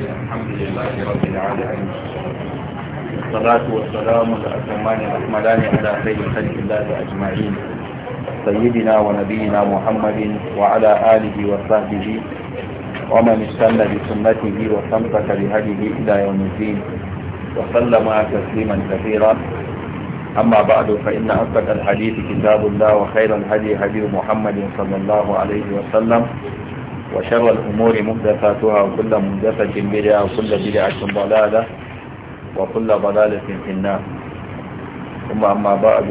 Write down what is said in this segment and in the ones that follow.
الحمد لله رب العالمين الصلاة والسلام على خير خلق الله أجمعين سيدنا ونبينا محمد وعلى آله وصحبه ومن استنى بسنته وصمتك بهديه إلى يوم الدين وسلم تسليما كثيرا أما بعد فإن أصدق الحديث كتاب الله وخير الهدي هدي محمد صلى الله عليه وسلم وشر الأمور مهدفاتها وكل مهدفة بدعة وكل بدعة ضلالة وكل ضلالة في النار ثم أما بعد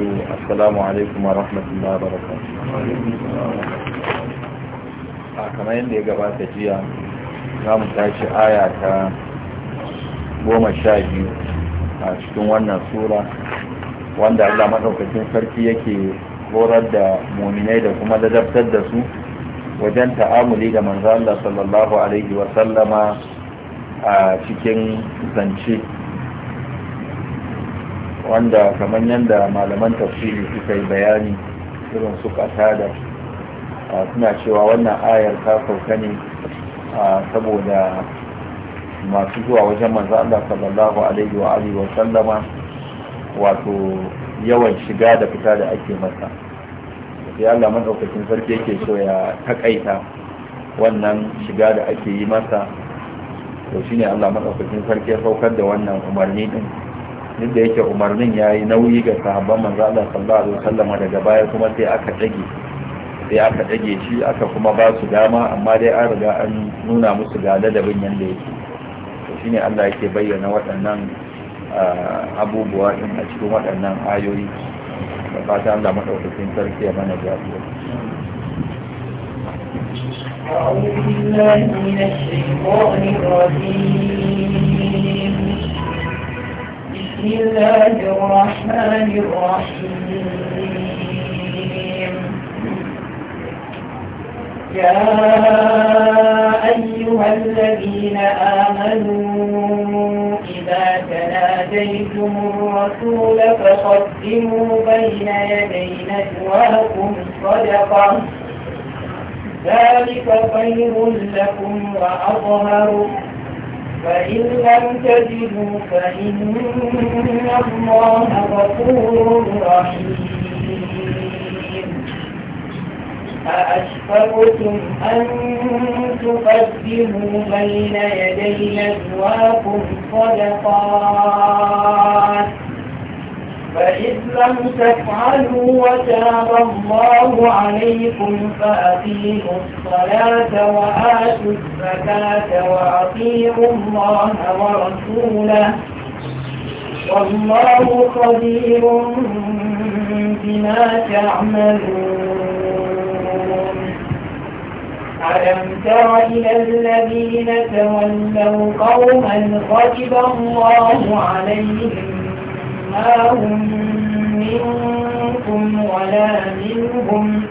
السلام عليكم ورحمة الله وبركاته كما يندي قبات جيا نعم تاشي آية goma sha biyu a cikin wannan sura wanda Allah maɗaukacin sarki yake horar da muminai da kuma ladabtar da su wajen ta'amuli da manzo Allah sallallahu alaihi wa sallama a cikin zance wanda kamar yadda malaman tafsiri suka yi bayani irin su kasada suna cewa wannan ayar ta sauka ne saboda masu zuwa wajen manzo Allah sallallahu alaihi wa alihi wa sallama wato yawan shiga da fita da ake masa sai Allah madaukakin sarki yake so ya takaita wannan shiga da ake yi masa to shine Allah madaukakin sarki ya saukar da wannan umarni din duk da yake umarnin yayi nauyi ga sahabban manzo Allah sallallahu alaihi wasallam daga baya kuma sai aka dage sai aka dage shi aka kuma ba su dama amma dai an riga an nuna musu ga ladabin yanda yake to shine Allah yake bayyana waɗannan ah, abubuwa din a cikin waɗannan ayoyi Kalau saya tidak masuk ke sini, saya kira mana dia ada. Ya الله الرحمن الرحيم يا الرسول فقدموا بين يدي نجواكم صدقة ذلك خير لكم وأظهر فإن لم تجدوا فإن الله غفور رحيم أأشفقتم أن تقدموا بين يدي نجواكم صدقات فإذ لم تفعلوا وتاب الله عليكم فأقيموا الصلاة وآتوا الزكاة وأطيعوا الله ورسوله والله خبير بما تعملون ألم تر إلى الذين تولوا قوما غضب الله عليهم ما هم منكم ولا منهم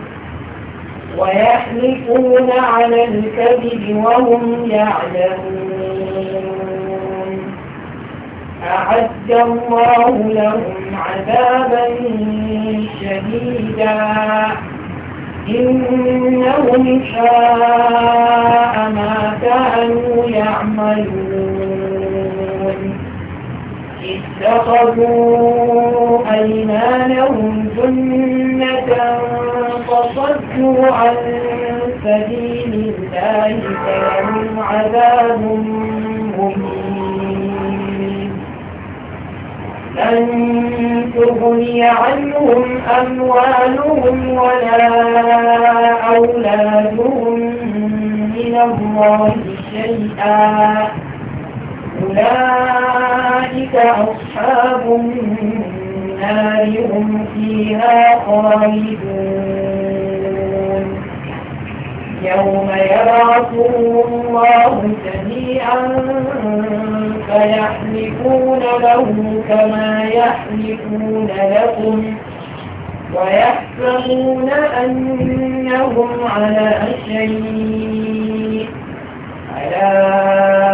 ويحلفون على الكذب وهم يعلمون أعد الله لهم عذابا شديدا إنهم شاء ما كانوا يعملون اتخذوا أيمانهم جنة فصدوا عن سبيل الله فلهم عذاب مهين لن تغني عنهم أموالهم ولا أولادهم من الله شيئا أولئك أصحاب النار هم فيها خالدون يوم يبعثهم الله جميعا فيحلفون له كما يحلفون لكم ويحسبون أنهم على شيء ألا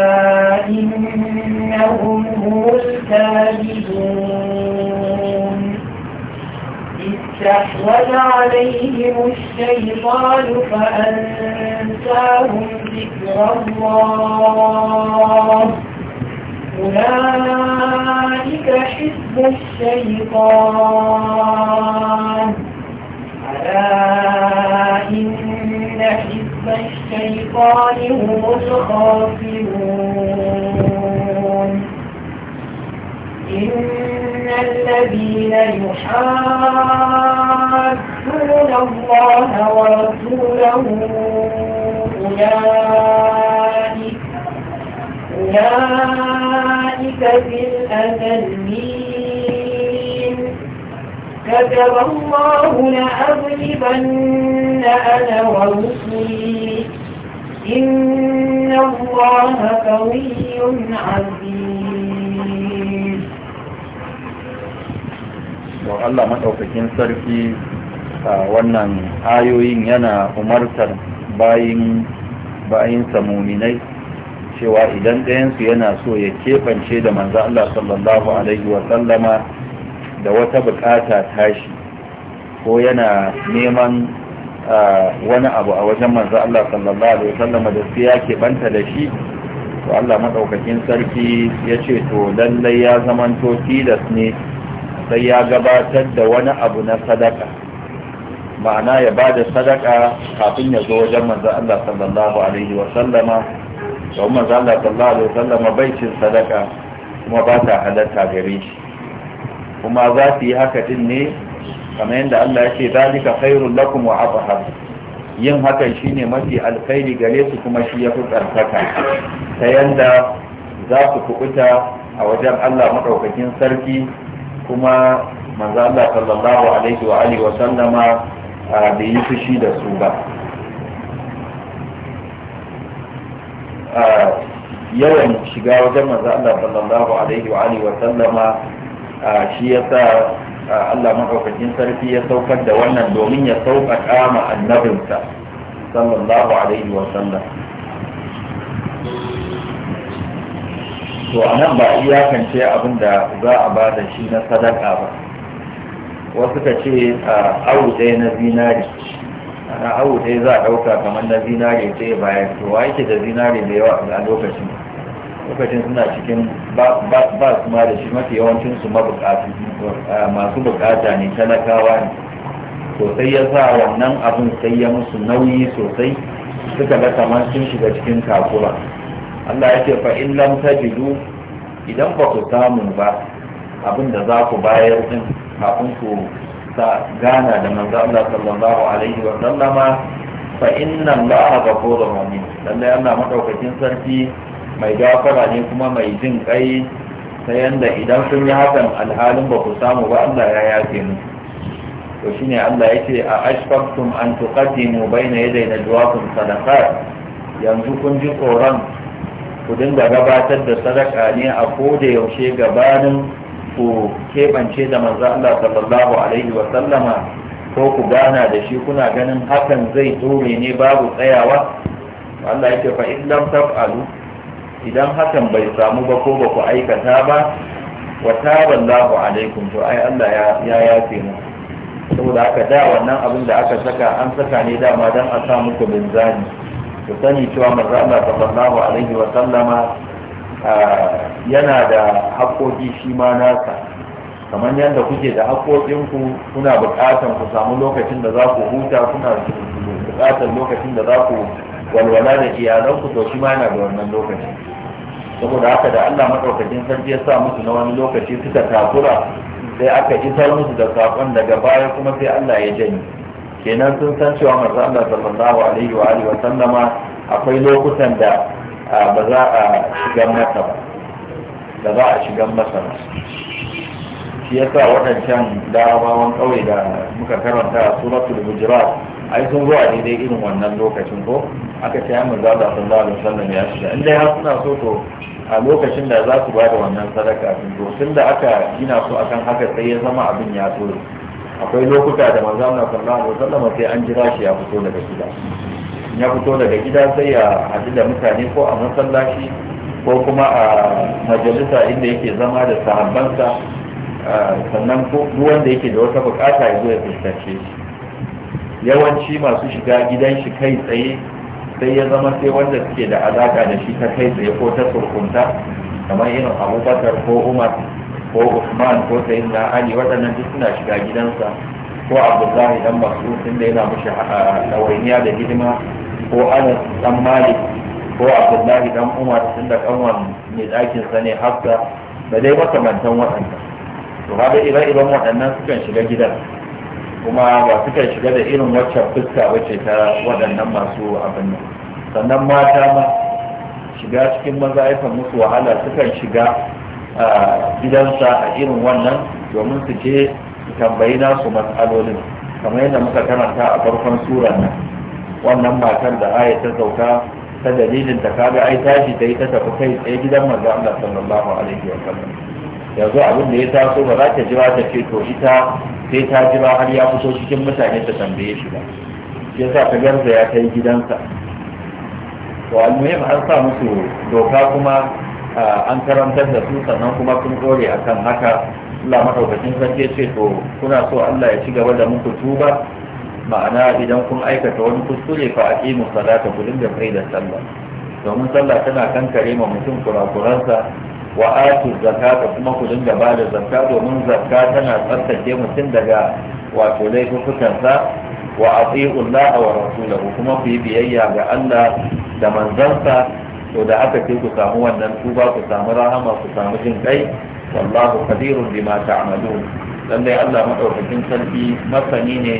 فإنهم هم الكاذبون استحوذ عليهم الشيطان فأنساهم ذكر الله أولئك حزب الشيطان ألا إن حزب الشيطان الشيطان هم الخاسرون إن الذين يحاسبون الله ورسوله أولئك أولئك في الأذلين كتب الله لأغلبن أنا ورسلي إن الله قوي عزيز Allah maɗaukakin sarki a wannan ayoyin yana umartar bayin bayinsa muminai cewa idan ɗayansu yana so ya keɓance da manzo Allah sallallahu Alaihi wasallama da wata bukata tashi ko yana neman wani abu a wajen manzo Allah sallallahu alaihi wasallam da su ke banta da shi to Allah madaukakin sarki ya ce to lallai ya zama tilas ne sai ya gabatar da wani abu na sadaka ma'ana ya ba da sadaka kafin ya zo wajen manzo Allah sallallahu alaihi wasallama don manzo Allah sallallahu alaihi wasallama bai cin sadaka kuma ba ta halatta gare shi kuma za su yi haka din ne kamar yadda Allah ya ce zalika khairul lakum wa athhar yin hakan shine mafi alkhairi gare su kuma shi yafi tsarkaka ta yanda za su kubuta a wajen Allah madaukakin sarki kuma manzo Allah sallallahu alaihi wa alihi wa sallama bai yi fushi da su ba yawan shiga wajen manzo Allah sallallahu alaihi wa alihi wa sallama shi yasa Allah maɗaukakin sarki ya saukar da wannan domin ya sauƙaƙa ma annabinsa sallallahu alaihi wa sallam to a nan ba iyakance abin da za a ba da shi na sadaka ba wasu ka ce awu ɗaya na zinari ana awu ɗaya za a ɗauka kamar na zinari sai bayan to wa yake da zinari da yawa a lokacin lokacin suna cikin ba su ma da shi mafi yawancin su eh, masu bukata ne talakawa ne sosai ya sa wannan abin sai ya musu nauyi sosai suka ga kamar sun shiga cikin kakura Allah ya ce fa in lam tajidu idan ba ku samu ba abin da za ku bayar din kafin ku sa gana da manzo Allah sallallahu alaihi wa sallama fa inna Allah ghafurur rahim lalle Allah madaukakin sarki mai gafara ne kuma mai jin kai ta yanda idan sun yi hakan alhalin ba ku samu ba Allah ya yafe mu to shine Allah yace a ashfaqtum an tuqaddimu baina yaday najwaakum sadaqat yanzu kun ji tsoron ku dinga gabatar da sadaka ne a koda yaushe gabanin ku keɓance da manzo Allah sallallahu alaihi wa sallama ko ku gana da shi kuna ganin hakan zai dore ne babu tsayawa Allah yake fa in lam taf'alu idan hakan bai samu ba ko ba ku aikata ba wa taballahu alaikum to ai Allah ya yafe mu saboda haka da wannan abin da aka saka an saka ne dama dan a sa muku zani ku sani cewa manzo Allah sallallahu alaihi wa sallama yana da haƙoƙi shi ma nasa kamar yadda kuke da haƙoƙinku kuna buƙatar ku samu lokacin da za ku huta kuna buƙatar lokacin da za ku walwala da iyalanku to shi ma yana da wannan lokacin saboda haka da Allah madaukakin sarki ya sa musu na wani lokaci suka takura sai aka isar musu da sakon daga baya kuma sai Allah ya janye kenan sun san cewa manzo Allah sallallahu alaihi wa alihi wa sallama akwai lokutan da ba za a shiga masa ba da za a shiga masa shi yasa waɗancan larabawan ƙauye da muka karanta a suratul hujurat ai sun zo a daidai irin wannan lokacin ko aka ce ya za Allah sallallahu alaihi wasallam ya shiga in dai har suna so to a lokacin da za su ba da wannan sadaka sun zo tun da aka gina su akan haka sai ya zama abin ya tura akwai lokuta da manzo Allah sallallahu alaihi wasallam sai an jira shi ya fito daga gida ya fito daga gida sai ya haɗu da mutane ko a masallaci ko kuma a majalisa inda yake zama da sahabbansa ah, sannan ko wanda yake da wata bukata ya zo ya fuskace shi yawanci masu shiga gidan shi kai tsaye sai ya zama sai wanda suke da alaka da shi ta kai tsaye ko ta surkunta kamar irin abubakar ko umar ko usman ko sai na ali waɗannan duk suna shiga gidansa ko abdullahi dan masu da yana mushi ah, ɗawainiya da hidima ko anas dan malik ko abdullahi dan umar da kanwan mai ɗakin sa ne hafsa da dai makamantan waɗanda to kaga ire-iren waɗannan sukan shiga gidan kuma ba suka shiga da irin waccan fuska wacce ta waɗannan masu abin nan sannan mata ma shiga cikin maza yakan musu wahala sukan shiga a gidansa a irin wannan domin su je su tambayi nasu matsalolin kamar yadda muka karanta a farkon surar nan wannan matar da aya ta sauka ta dalilin ta kaga ai tashi ta yi ta tafi kai tsaye gidan manzo Allah sallallahu alaihi wa sallam yanzu abin da ya taso ba za ta jira ta ce to ita sai ta jira har ya fito cikin mutane ta tambaye shi ba shi yasa ta garza ya kai gidansa to almuhim an sa musu doka kuma an karantar da su sannan kuma sun a kan haka Allah madaukakin sarki ce to kuna so Allah ya ci gaba da muku tuba ma'ana idan kun aikata wani kuskure fa aqimu salata ku da kai da sallah domin sallah tana kankare ma mutum kurakuransa wa atu zakata kuma ku dinga ba da zakka domin zakka tana tsaftace mutum daga wato laifukansa wa ati'u Allah wa rasulahu kuma ku yi biyayya ga Allah da manzansa to da aka ce ku samu wannan tuba ku samu rahama ku samu jin kai wallahu qadirun bima ta'malun lallai Allah madaukakin sarki masani ne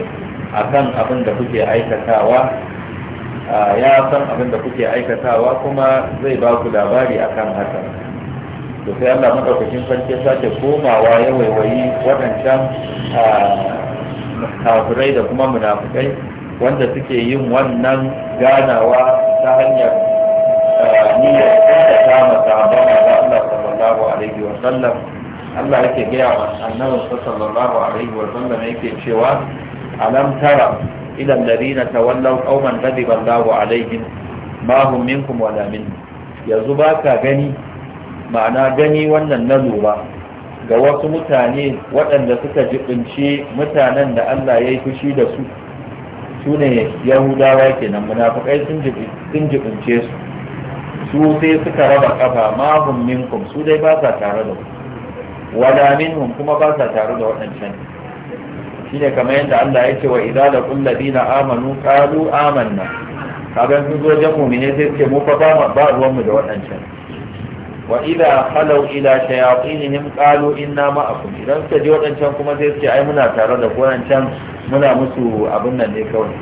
akan abin da kuke aikatawa ya san abin da kuke aikatawa kuma zai ba ku labari akan hakan da sai Allah madaukakin sarki ya sake komawa ya waiwayi waɗancan kafirai da kuma munafukai wanda suke yin wannan ganawa ta hanyar niyyar da ta mata ba Allah sallallahu alaihi wa sallam Allah yake gaya wa annabin sallallahu alaihi wa sallam yake cewa alam tara dari na tawallau qauman ghadiba Allahu alaihim ma hum minkum wala minni yanzu baka gani ma'ana gani wannan na lura ga wasu mutane waɗanda suka jiɓince mutanen da Allah ya yi fushi da su su ne yahudawa kenan munafukai sun jiɓince su su sai suka raba kafa mahun minkum su dai ba sa tare da ku wala minhum kuma ba sa tare da waɗancan shine kamar yadda Allah ya ce wa idza laqul ladina amanu qalu amanna kaga sun zo jan mu'mine sai ce mu fa ba ruwan mu da waɗancan wa ila khalau ila shayatinihim qalu inna ma'akum idan suka ji wadancan kuma sai su ce ai muna tare da can muna musu abin nan ne kawai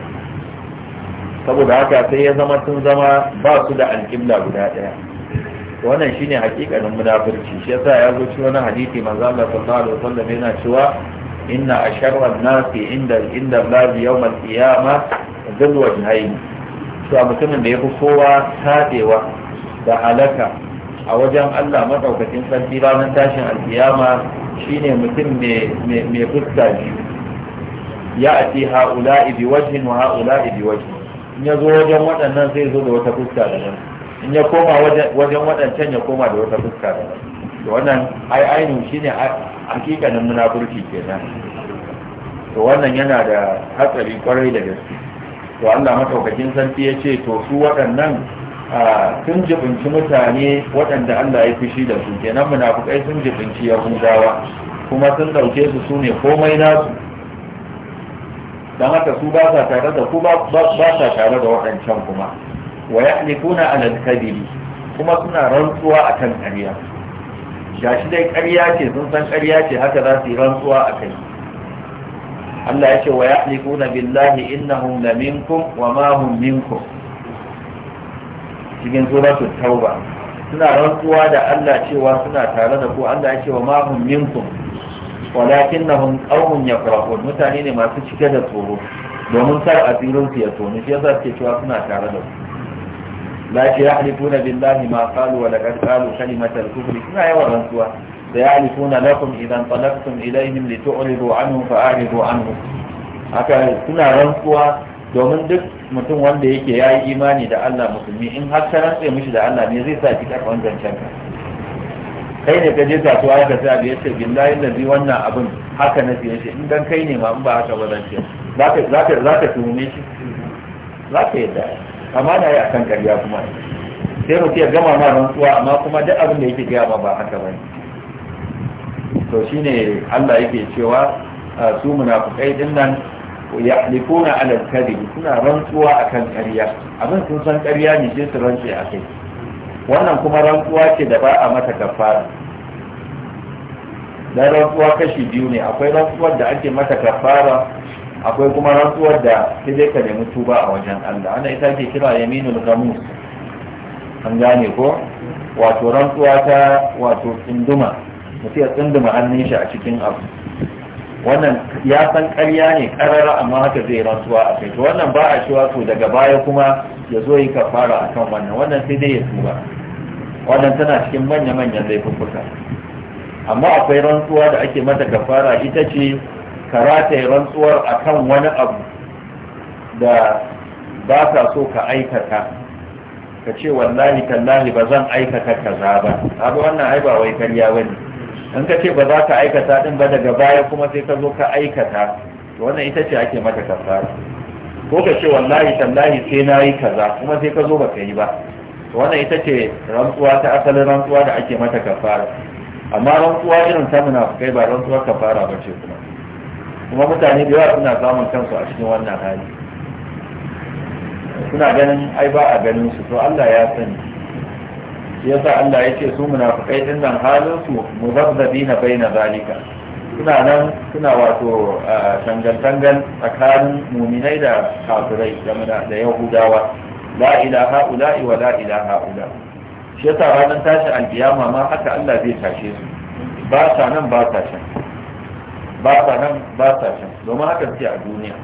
saboda haka sai ya zama sun zama ba su da alƙibla guda ɗaya wannan shine hakikanin munafurci shi yasa ya zo cikin wani hadisi manzo Allah sallallahu alaihi wasallam yana cewa inna asharra an-nasi inda inda Allah yawm al-qiyamah dhul wajhayn to mutumin da yafi kowa tadewa da halaka a wajen Allah madaukakin sarki ranar tashin alkiyama shine mutum mai fuska biyu ya ati haula ibi wajhin wa haula ibi wajhin in ya zo wajen waɗannan zai zo da wata fuska da nan, in ya koma wajen waɗancan ya koma da wata fuska nan to wannan ai ainihin shine hakikanin munafurci kenan to wannan yana da hatsari kwarai da gaske to Allah madaukakin sarki ya ce to su waɗannan sun jibinci mutane waɗanda Allah ya fushi da su kenan munafukai sun jibinci yahudawa kuma sun ɗauke su su ne komai nasu don haka su ba sa tare da ku ba sa tare da waɗancan kuma wa kuna a kadiri kuma suna rantsuwa akan ƙarya shi dai ƙarya ce sun san ƙarya ce haka za su yi rantsuwa a kai Allah ya ce wa yahlifuna billahi innahum laminkum wa ma hum minkum cikin suratul tauba suna rantsuwa da Allah cewa suna tare da ku Allah ya ce wa ma hum minkum walakinnahum qaumun yafrahun mutane ne masu cike da tsoro domin kar asirin su ya tonu shi yasa suke cewa suna tare da ku la shi yahlifuna billahi ma qalu wa laqad qalu kalimatal kufri suna yawan rantsuwa da yahlifuna lakum idan talaqtum ilaihim litu'ridu anhum fa'ridu anhum haka suna rantsuwa domin duk mutum wanda yake ya yi imani da Allah musulmi in har ka rantse mishi da Allah ne zai sa ki karɓan zancen ka kai ne ka je kasuwa ka sa abu yace billahi lazi wannan abin haka na siye shi in dan kai ne ma in ba haka ba zan ce za ka za shi za ka yadda amma na yi kan karya kuma sai mutum ya gama ma rantsuwa amma kuma duk abin da yake gaya ma ba haka ba to shine Allah yake cewa su munafukai din nan yahlifuna ala kadhib suna rantsuwa akan ƙarya abin sun san ƙarya ne sai su rantse kai wannan kuma rantsuwa ce da ba a mata kafara dan rantsuwa kashi biyu ne akwai rantsuwar da ake mata kafara akwai kuma rantsuwar da sai dai ka nemi tuba a wajen Allah ana ita ce kira yaminul ghamus an gane ko wato rantsuwa ta wato tsinduma mutum ya tsinduma hannun shi a cikin abu wannan ya san ƙarya ne karara amma haka zai rantsuwa a kai to wannan ba a cewa to daga baya kuma ya zo yi kafara a kan wannan wannan sai dai ya tuba wannan tana cikin manya-manyan laifuffuka amma akwai rantsuwa da ake mata kafara ita ce karata ya rantsuwar a kan wani abu da ba ka so ka aikata ka ce wallahi tallahi ba zan aikata kaza ba abu wannan ai ba wai karya bane in ka ce ba za ka aikata din ba daga baya kuma sai ka zo ka aikata to wannan ita ce ake mata kafara ko ka ce wallahi tallahi sai na yi kaza kuma sai ka zo ba ka yi ba wannan ita ce rantsuwa ta asalin rantsuwa da ake mata kafara amma rantsuwa irin ta munafukai ba rantsuwa kafara ba ce kuma kuma mutane da yawa suna samun kansu a cikin wannan hali suna ganin ai ba a ganin su to Allah ya sani yasa Allah yake su munafikai din nan halin su muzabzabina baina zalika suna nan suna wato tangal-tangal tsakanin muminai da kafirai da da yahudawa la ilaha ula'i wa la ilaha ula shi yasa ranar tashi alkiyama ma haka Allah zai tashe su ba sa nan ba sa can ba sa nan ba sa can domin haka suke a duniya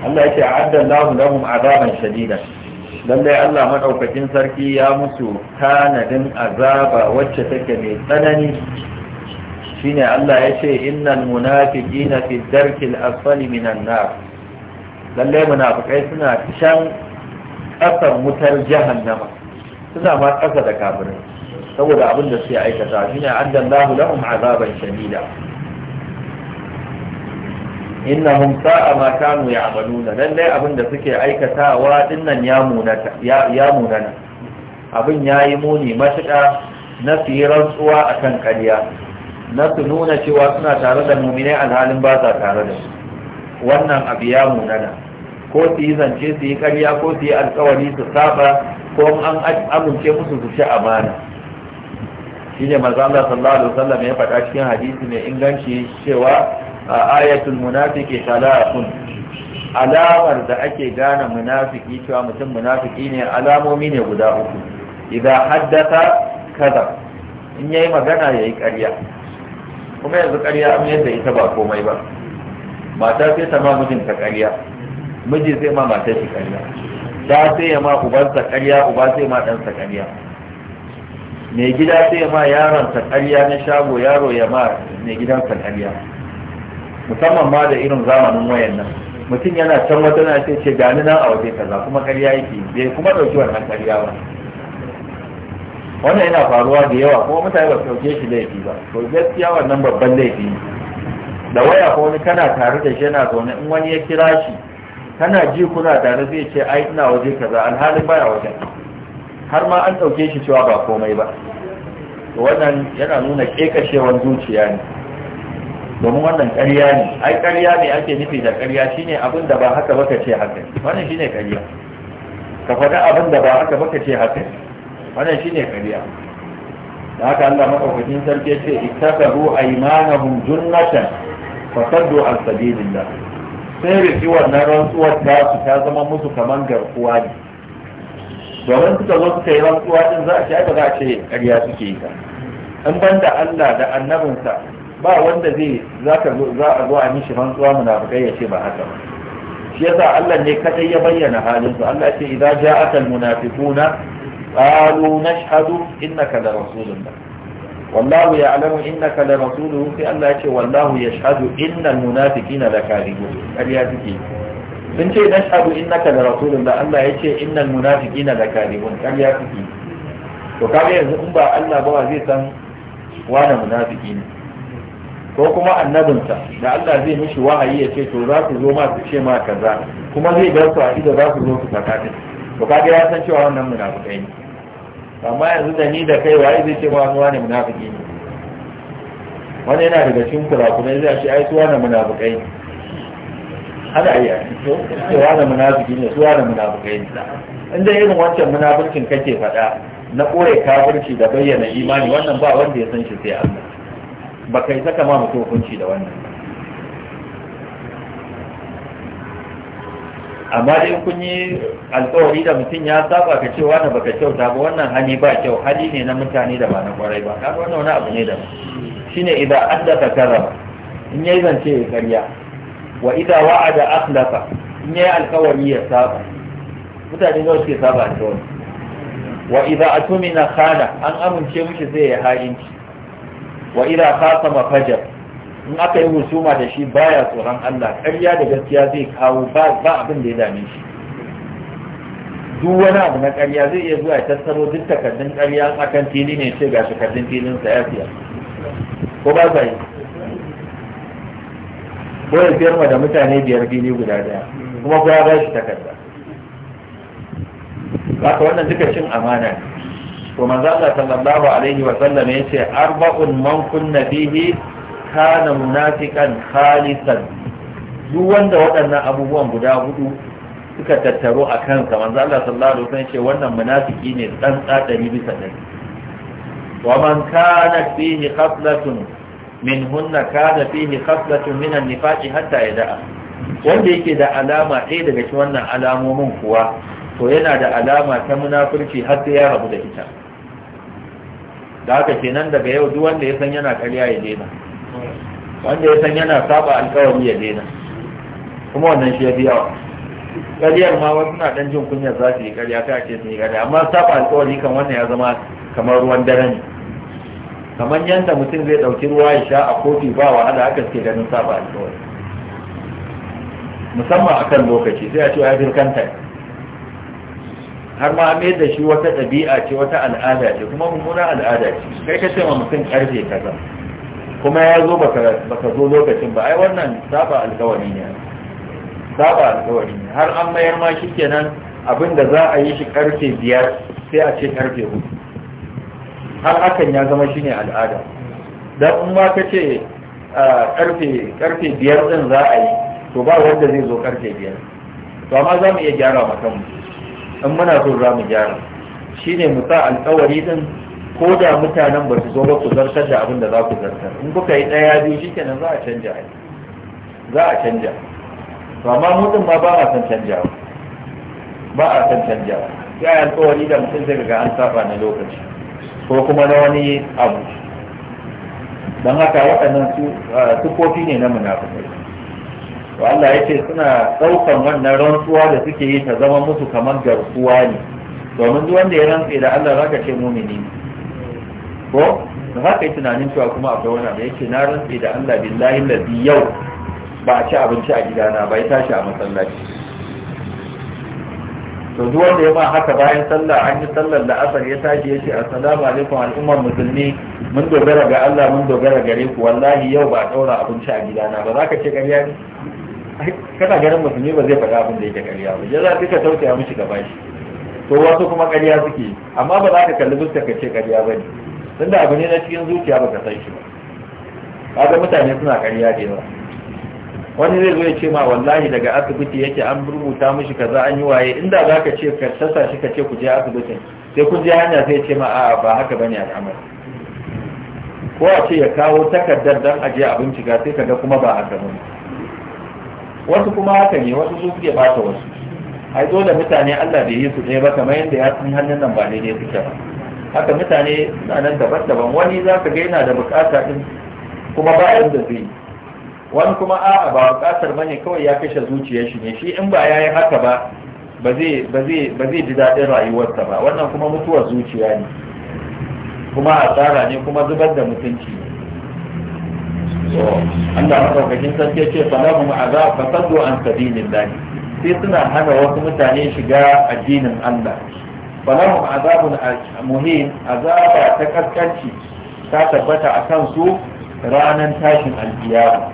Allah yake a'adda Allahu lahum azaban shadidan lallai Allah madaukakin sarki ya musu tanadin azaba wacce take mai tsanani shine Allah ya ce innal munafiqina fi darkil asfali minan nar lallai munafikai suna can kasar mutar jahannama suna ma kasa da kafirai saboda abin da suke aikata shine addallahu lahum azaban shadida innahum sa'a ma kanu ya'maluna lallai abin da suke aikatawa dinnan ya munata ya munana abin yayi muni matuƙa na rantsuwa tsuwa akan kariya na su nuna cewa suna tare da mu'mine alhalin ba sa tare da su wannan abu ya munana ko su yi zance su yi kariya ko su yi alkawari su saba ko an amince musu su ci amana shine manzo Allah sallallahu alaihi wasallam ya faɗa cikin hadisi mai inganci cewa a ayatul munafiki talaqun alamar da ake gane munafiki cewa mutum munafiki ne alamomi ne guda uku idan haddata kaza in yayi magana yayi ƙarya kuma yanzu ƙarya an yadda ita ba komai ba mata sai ta ma ta ƙarya miji sai ma mata shi ƙarya da sai ya ma ubansa ƙarya uba sai ma ɗansa ƙarya mai gida sai ma ma yaronsa ƙarya na shago yaro ya ma mai sa ƙarya musamman ma da irin zamanin wayan nan mutum yana can wata na ce ce gani nan a waje kaza kuma karya yake bai kuma ɗauki wannan karya ba wannan yana faruwa da yawa kuma mutane ba su ɗauke shi laifi ba to gaskiya wannan babban laifi ne da waya ko wani kana tare da shi yana zaune in wani ya kira shi kana ji kuna tare zai ce ai ina waje kaza alhalin baya wajen har ma an ɗauke shi cewa ba komai ba wannan yana nuna kekashewan zuciya ne domin wannan ƙarya ne ai ƙarya ne ake nufi da ƙarya shine abin da ba haka baka ce haka wannan shine ƙarya ka faɗi abin da ba haka baka ce haka wannan shine ƙarya da haka Allah madaukakin sarki ya ce ittakaru aymanahum junnatan fasaddu an sabilillah sai riki wannan rantsuwar ta su ta zama musu kaman garkuwa ne domin suka zo suka yi rantsuwa din za a ce ba za a ce ƙarya suke yi ka. in banda Allah da annabinsa ba wanda zai za a zo a mishi rantsuwa munafikai ya ce ba haka ba shi yasa Allah ne kadai ya bayyana halin su Allah ce idza ja'aka almunafiquna qalu nashhadu innaka la rasulullah wallahu ya'lamu innaka la rasuluhu sai Allah ya ce wallahu yashhadu innal munafiqina lakadibun kariya suke sun ce nashhadu innaka la rasulullah Allah ya ce innal munafiqina lakadibun kariya suke to kaga yanzu in ba Allah ba zai san wani munafiki ne ko kuma annabinsa da Allah zai mishi wahayi ya ce to za su zo ma su ce ma kaza kuma zai bar su a ido za su zo su faɗa din to kage ya san cewa wannan munafikai ne amma yanzu da ni da kai wai zai ce ma wani wani munafiki ne wani yana daga cikin kuma zai ce ai su wani munafikai ne ana iya to su wani munafiki ne su wani munafikai ne inda irin wancan munafikin kake faɗa na ɓoye kafirci da bayyana imani wannan ba wanda ya san shi sai Allah ba kai saka ma mutum hukunci da wannan amma dai kun yi alkawari da mutum ya saba ka ce wani baka kyauta ba wannan hali ba kyau hali ne na mutane da ba na kwarai ba kaga wannan wani abu ne da shine idan addata kaza in yayi zance ya karya wa idan wa'ada aslafa in yayi alkawari ya saba mutane ne suke saba da alkawari wa idan atumina khana an amince mishi zai ya ha'inci wa ira khasama fajar in aka yi husuma da shi baya tsoron Allah ƙarya da gaskiya zai kawo ba abin da ya dame shi duk wani abu na ƙarya zai iya zuwa ya tattaro duk takardun ƙarya akan fili ne ce ga takardun filin sa yafiya ko ba zai ko ya fiyar da mutane biyar fili guda daya kuma ko ya ba shi takarda ba ka wannan duka cin amana ne to manzo Allah sallallahu alaihi wa sallam yace arba'un man kunna bihi kana munafiqan khalisan duk wanda waɗannan abubuwan guda hudu suka tattaro a kansa manzo Allah sallallahu alaihi wasallam ce wannan munafiki ne dan tsadari bisa dari wa man kana fihi khaflatun min hunna kana fihi khaflatun min an-nifaq hatta yada'a wanda yake da alama ɗaya daga cikin wannan alamomin kuwa to yana da alama ta munafurci har sai ya rabu da ita da haka kenan daga yau duk wanda ya san yana karya ya daina wanda ya san yana saba alkawari ya daina kuma wannan shi ya fi yawa karyar ma wasu na ɗan jin kunyar za su yi ƙarya kai ce sun yi karya amma saba alkawari kan wannan ya zama kamar ruwan dare ne kamar yadda mutum zai ɗauki ruwa ya sha a kofi ba wahala haka suke ganin saba alkawari musamman akan lokaci sai a ce a firkanta har ma mai da shi wata ɗabi'a ce wata al'ada ce kuma mummuna al'ada ce kai ka ce ma mutum karfe kaza kuma ya zo baka zo lokacin ba ai wannan saba alkawari ne saba alkawari ne har an mayar ma shi kenan abin da za a yi shi karfe biyar sai a ce karfe hudu har hakan ya zama shine al'ada don in ma ka ce karfe biyar ɗin za a yi to ba wanda zai zo karfe biyar to amma za mu iya gyara ma kanmu in muna so za mu gyara shine mu sa alƙawari din ko da mutanen ba su zo ba ku zartar da abin da za ku zartar in kuka yi ɗaya biyu shi kenan za a canja za a canja to amma mutum ma ba a san canja. ba a san canja. ya yi alƙawari da mutum zai ga an saba na lokaci ko kuma na wani abu don haka waɗannan su kofi ah, ne na munafukai to Allah ya ce suna ɗaukan wannan rantsuwa da suke yi ta zama musu kamar garkuwa ne domin duk wanda ya rantse da Allah zaka ce mumini ne ko da haka yi tunanin cewa kuma akwai wani abu yake na rantse da Allah billahi ladi yau ba a ci abinci a gidana ba ya tashi a masallaci to duk wanda ya ma haka bayan sallah an yi sallar da asar ya tashi ya ce assalamu alaikum al'ummar musulmi mun dogara ga Allah mun dogara gare ku wallahi yau ba a daura abinci a gidana ba za ka ce ƙarya ne kana ganin musulmi ba zai faɗa abin da yake ƙarya ba ya za ka tausaya mishi gaba shi to wasu kuma ƙarya suke amma ba za ka kalli fuskar ka ce ƙarya ba ne tun da abu ne na cikin zuciya ba ka san shi ba kaga mutane suna ƙarya da yawa wani zai zo ya ce ma wallahi daga asibiti yake an rubuta mishi kaza an yi waye inda za ka ce ka sassa shi ka ce ku je asibitin sai kun je hanya sai ce ma A'a ba haka bane al'amari ko a ce ya kawo takardar dan aje a bincika sai kaga kuma ba haka bane wasu kuma haka ne wasu su suke bata wasu ai dole mutane Allah bai yi su ɗaya ba kamar yadda ya san hannun nan ba ne ne suke ba haka mutane na nan daban-daban wani za ka ga yana da bukata din kuma ba yadda zai wani kuma a'a ba bukatar bane kawai ya kashe zuciyar shi ne shi in ba ya yi haka ba ba zai ji daɗin rayuwarsa ba wannan kuma mutuwar zuciya ne kuma asara ne kuma zubar da mutunci Allah madaukakin sarki san ce falahum azab fasaddu an sabilillah sai suna hana wasu mutane shiga addinin Allah falahum azabun muhim azaba ta kaskanci ta tabbata a kan su ranan tashin alkiyama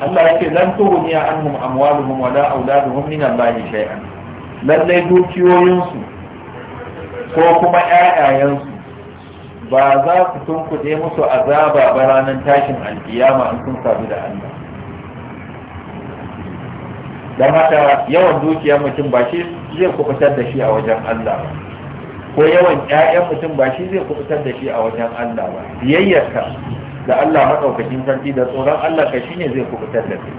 Allah ya ce lan tughni anhum amwaluhum wala auladuhum min Allah shay'an lallai dukiyoyinsu ko kuma ƴaƴayensu ba za ku tunkuɗe musu azaba ba ranar tashin alkiyama in sun sadu da Allah don haka yawan dukiyar mutum ba shi zai kubutar da shi a wajen Allah ba ko yawan ƴaƴan mutum ba shi zai kubutar da shi a wajen Allah ba biyayyarka da Allah maɗaukakin sarki da tsoron Allah ka shine zai kubutar da kai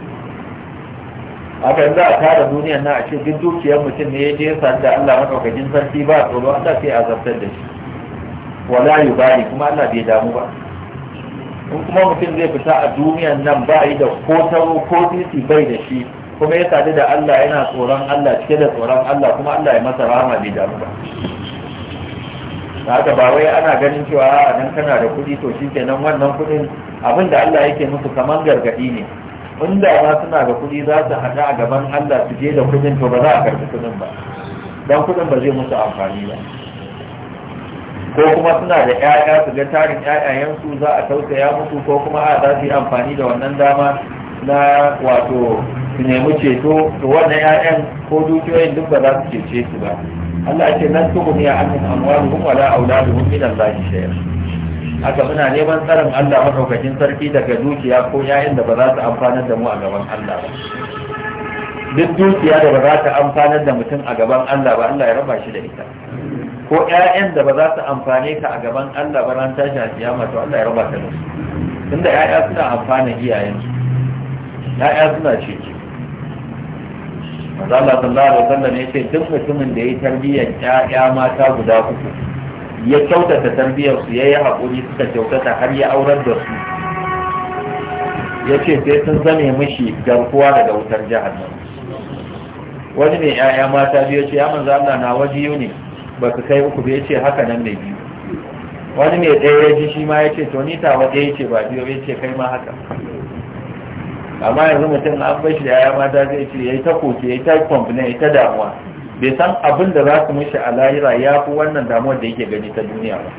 haka za a tara duniyar na a ce duk dukiyar mutum ne ya je sa da Allah maɗaukakin sarki ba tsoro Allah sai a zartar da shi wala ne kuma Allah bai damu ba in kuma mutum zai fita a duniyan nan ba yi da ko taro ko titi bai da shi kuma ya sadu da Allah yana tsoron Allah cike da tsoron Allah kuma Allah ya masa rahama bai damu ba haka ba wai ana ganin cewa a nan kana da kuɗi to shi kenan wannan kuɗin abin da Allah yake musu kamar gargadi ne da ba suna da kuɗi za su haɗa a gaban Allah su je da kuɗin to ba za a karɓi kuɗin ba don kuɗin ba zai musu amfani ba ko kuma suna da ƴaƴa su ga tarin ƴaƴayensu za a tausaya musu ko kuma a za su yi amfani da wannan dama na wato su nemi ceto to wannan ƴaƴan ko dukiyoyin duk ba za su cece su ba Allah ce nan tuku ne a annin amwaluhum wala auladuhum min Allah shay'a aka muna neman tsarin Allah madaukakin sarki daga dukiya ko ƴaƴan da ba za su amfanar da mu a gaban Allah ba duk dukiya da ba za ta amfanar da mutum a gaban Allah ba Allah ya raba shi da ita ko ƴaƴan da ba za su amfane ka a gaban Allah ba ran tashi a siyama to Allah ya raba ka da su tunda ƴaƴa suna amfana iyayensu ƴaƴa suna ce. manzo Allah sallallahu alaihi wasallam ya ce duk mutumin da ya tarbiyyar ƴaƴa mata guda uku ya kyautata tarbiyyar su yayi hakuri suka kyautata har ya aurar da su ya ce sai sun zame mishi garkuwa daga wutar jihar nan. wani ne 'ya'ya mata biyu ce ya manzo Allah na wajiyu ne ba su kai uku bai ce haka nan da biyu wani mai ɗaya ya ji shi ma ya ce to ni tawa ya ce ba biyu bai ce kai ma haka amma yanzu mutum an bashi da yaya mata zai ce ya yi ta koke ya yi ta complain ya yi ta damuwa bai san abin da za su mishi a lahira ya fi wannan damuwar da yake gani ta duniya ba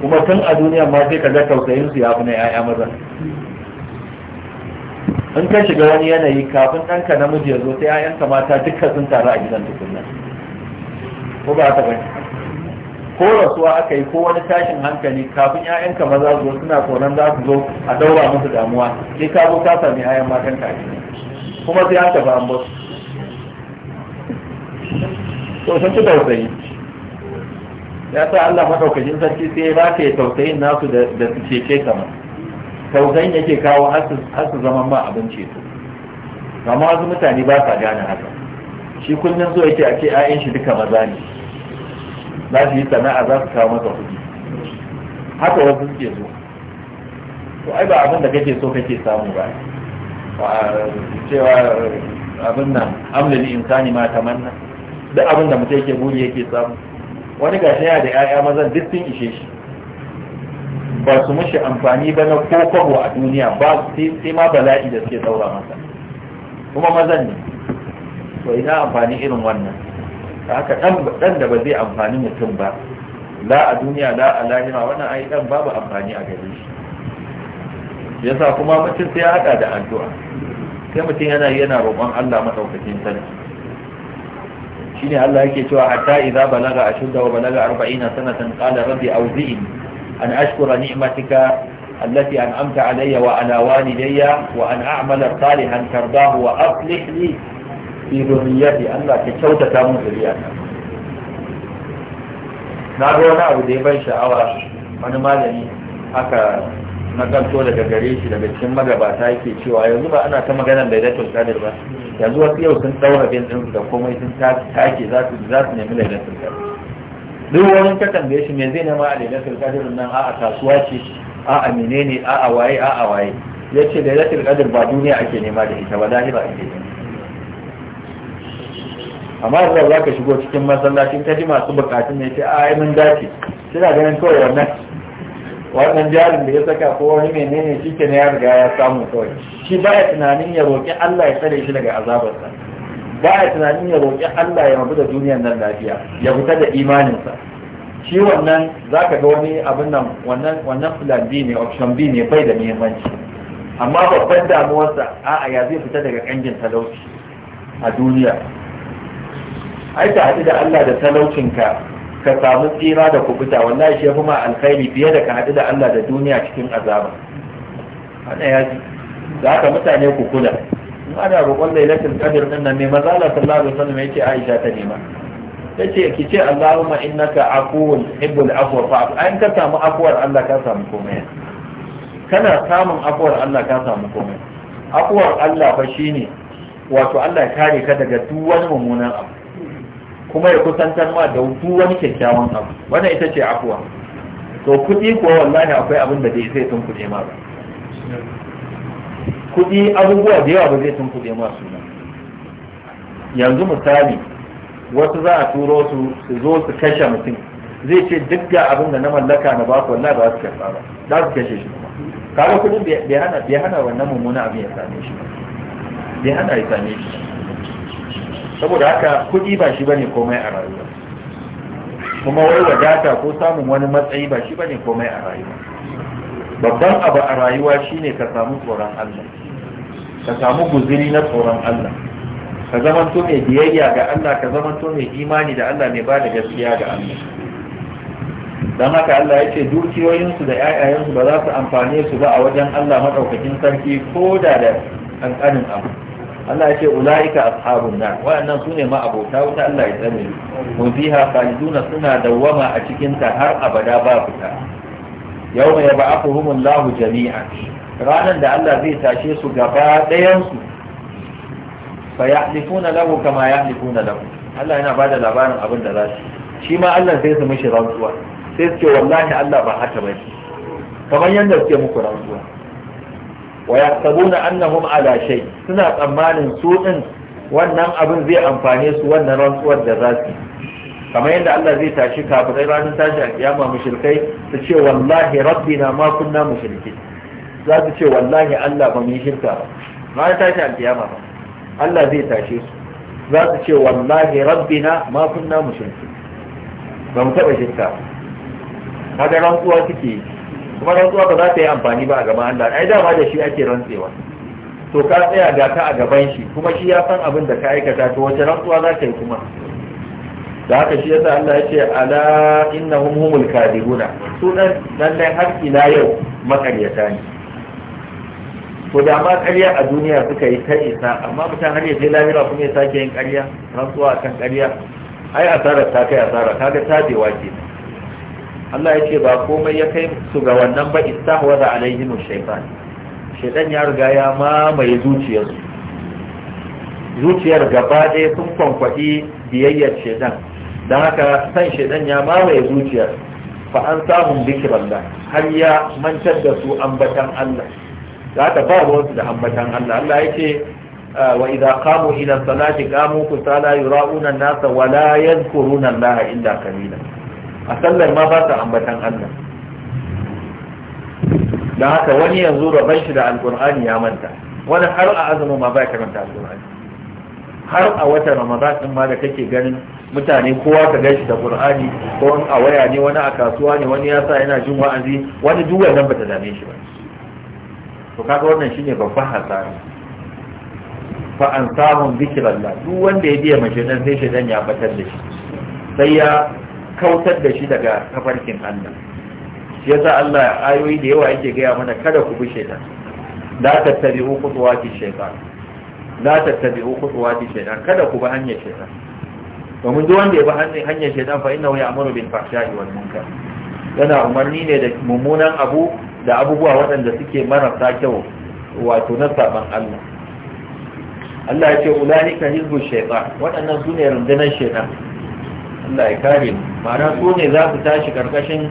kuma tun a duniya ma sai ka ga tausayinsu ya fi na 'ya'ya maza in ka shiga wani yanayi kafin ɗanka namiji ya zo sai 'ya'yanka mata dukkan sun taru a gidan tukunan ko ba ta bane ko rasuwa aka yi ko wani tashin hankali kafin ka maza zo suna tsoron za su zo a daura musu damuwa sai ka zo ka sami ƴaƴan matan ka kuma sai aka ba an basu to sun ci tausayi ya sa Allah madaukakin sarki sai ba ka yi tausayin nasu da su ce ka ma tausayin yake kawo har su zaman ma abinci ceto amma wasu mutane ba sa gane haka shi kullum so yake a ce 'ya'yan shi duka maza ne za su yi sana'a za su kawo masa kuɗi haka wasu suke so to ai ba abin da kake so kake samu ba cewa abin nan amlin insani ma tamanna duk abin da mutum yake buri yake samu wani gashi yana da 'ya'ya mazan duk sun ishe shi ba su mushi amfani ba na kokobo a duniya ba sai ma bala'i da suke saura masa kuma mazan ne to ina amfani irin wannan haka dan da ba zai amfani mutum ba la a duniya la a lahira wannan ai dan babu amfani a gare shi yasa kuma mutum sai ya hada da addu'a sai mutum yana yana roƙon Allah madaukakin sarki shine Allah yake cewa hatta idza balaga ashudda wa balaga 40 sanatan qala rabbi awzi'ni an ashkura ni'matika التي أنعمت علي وعلى والدي وأن أعمل صالحا ترضاه وأصلح لي fi zuriyati Allah ka kyautata mun zuriyata na ga wani abu da ya ban sha'awa wani malami aka na kanto daga gare shi daga cikin magabata yake cewa yanzu ba ana ta maganar lailatul qadr ba yanzu wasu yau sun daura bin din da komai sun take za su za su nemi lailatul qadr duk wani ka tambaye shi me zai nema a lailatul qadr nan a'a kasuwa ce a'a menene a'a waye a'a waye yace lailatul qadr ba duniya ake nema da ita ba lahira ake nema amma da za ka shigo cikin masallacin kaji masu bukatun ne ce a mun dace na ganin kawai wannan wannan jarin da ya saka ko wani menene shi ke na ya ya samu kawai shi ba ya tunanin ya roƙi Allah ya tsare shi daga azabarsa ya tunanin ya roƙi Allah ya mabu da duniyar nan lafiya ya fita da imaninsa shi wannan za ka ga wani abin nan wannan wannan plan B ne option B ne bai da muhimmanci amma babban damuwarsa a'a ya zai fita daga kangin talauci a duniya ai ka haɗu da Allah da talaucinka ka samu tsira da kubuta wallahi shi yafi ma alkhairi fiye da ka haɗu da Allah da duniya cikin azaba wannan ya ji za ka mutane ku kula in ana roƙon lailatul qadr din nan ne maza Allah sallallahu alaihi wasallam yace Aisha ta nema tace ki ce Allahumma innaka afuwun hibbul afwa fa an ka samu afwar Allah ka samu komai kana samun afuwar Allah ka samu komai afuwar Allah fa shine wato Allah ya kare ka daga duk wani mummunan abu kuma ya kusantar ma da duk wani kyakkyawan abu wannan ita ce afuwa to kuɗi kuwa wallahi akwai abin da zai tun kuɗe ma ba kuɗi abubuwa da yawa ba zai tun kuɗe ma suna yanzu misali wasu za a turo su su zo su kashe mutum zai ce duk ga abin da na mallaka na ku wallahi ba su karɓa ba za su kashe shi kuma kaga kudin bai hana wannan mummuna abin ya same shi bai hana ya same shi saboda haka kuɗi ba shi bane komai a rayuwa kuma wai wadata ko samun wani matsayi ba shi bane komai a rayuwa babban abu a rayuwa shine ka samu tsoron Allah ka samu guziri na tsoron Allah ka zamanto mai biyayya ga Allah ka zamanto mai imani da Allah mai bada gaskiya ga Allah don haka Allah ya ce dukiyoyinsu da 'ya'yayensu ba za su amfane su ba a wajen Allah maɗaukakin sarki ko da da ƙanƙanin abu Allah ya ce ulaika ashabun nar wa'annan sune ma abota wuta Allah ya tsare mu fiha khaliduna suna dawwama a cikin ta har abada ba fita yawma yab'athuhum Allah jami'an ranan da Allah zai tashe su gaba ɗayan su fa yahlifuna lahu kama yahlifuna lahu Allah yana bada labarin abin da za su shi ma Allah sai su mishi rantsuwa sai su ce wallahi Allah ba haka bane kamar yadda suke muku rantsuwa wa yahsabuna annahum ala shay suna tsammanin su din wannan abin zai amfane su wannan rantsuwar da za su kamar yadda Allah zai tashi kafirai ranar tashi a kiyama mushrikai su ce wallahi rabbina ma kunna mushriki za su ce wallahi Allah ba mu yi shirka ba ranar tashi a kiyama ba Allah zai tashi su za su ce wallahi rabbina ma kunna mushriki ba mu taba shirka ba kaga rantsuwa suke yi kuma rantsuwa ba za ta yi amfani ba a gaban Allah ai dama da shi ake rantsewa to ka tsaya ga ka a gaban shi kuma shi ya san abin da ka aikata to wace rantsuwa za ka yi kuma da haka shi yasa Allah ya ce ala innahum humul kadibuna su dan dai har ila yau makaryata ne to da ma ƙarya a duniya suka yi ta isa amma mutan har ya je lahira kuma ya sake yin ƙarya rantsuwa akan ƙarya ai asarar ta kai asara kaga tabewa kenan Allah ya ce ba komai ya kai su ga wannan ba istahwaza alaihim shaytan shaytan ya riga ya mamaye zuciyarsu zuciyar gaba ɗaya sun kwankwaɗi biyayyar shaytan don haka san shaytan ya mamaye zuciyar fa an samun zikiran Allah. har ya mantar da su ambatan Allah za ta ba wasu da ambatan Allah Allah ya ce ah, wa idza qamu ila salati qamu kusala yura'una an-nasa wa la yadhkuruna Allah illa qalilan a sallar ma ba su ambatan Allah da haka wani yanzu rabon shi da alkur'ani ya manta wani har a azumin ma ba karanta alkur'ani har a wata ramadan din ma da kake ganin mutane kowa ka gaishe da qur'ani ko a waya ne wani a kasuwa ne wani ya sa yana jin wa'azi wani duk wannan bata dame shi ba to kaga wannan shine babban hasara fa an samu Allah duk wanda ya biya mashi dan sai shi dan ya batar da shi sai ya kautar da shi daga tafarkin Allah shi yasa Allah ayoyi da yawa yake gaya mana kada ku bi shaitan la tattabi'u khutuwati shaitan la tattabi'u khutuwati shaitan kada ku bi hanyar shaitan domin duk wanda ya bi hanyar shaitan fa innahu ya'muru bil fahsha'i wal munkar yana umarni ne da mummunan abu da abubuwa waɗanda suke marasa kyau wato na saban Allah Allah ya ce ulaika hizbu shaitan waɗannan su ne rundunar shaitan Allah ya kare mu ma'ana su ne za su tashi karkashin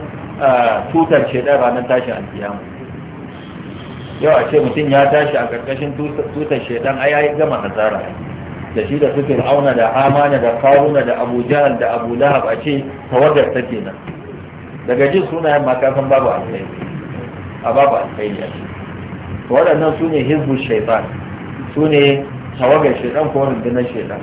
tutar shaidan ranar tashin alkiyama yau a ce mutum ya tashi a karkashin tutar shaidan ai ya gama hazara da shi da suke auna da amana da faruna da abu jahal da abu lahab a ce tawagar ta kenan daga jin sunayen makafin babu alkhairi a babu alkhairi a waɗannan su ne hizbul shaitan su ne tawagar shaitan ko rundunar shaitan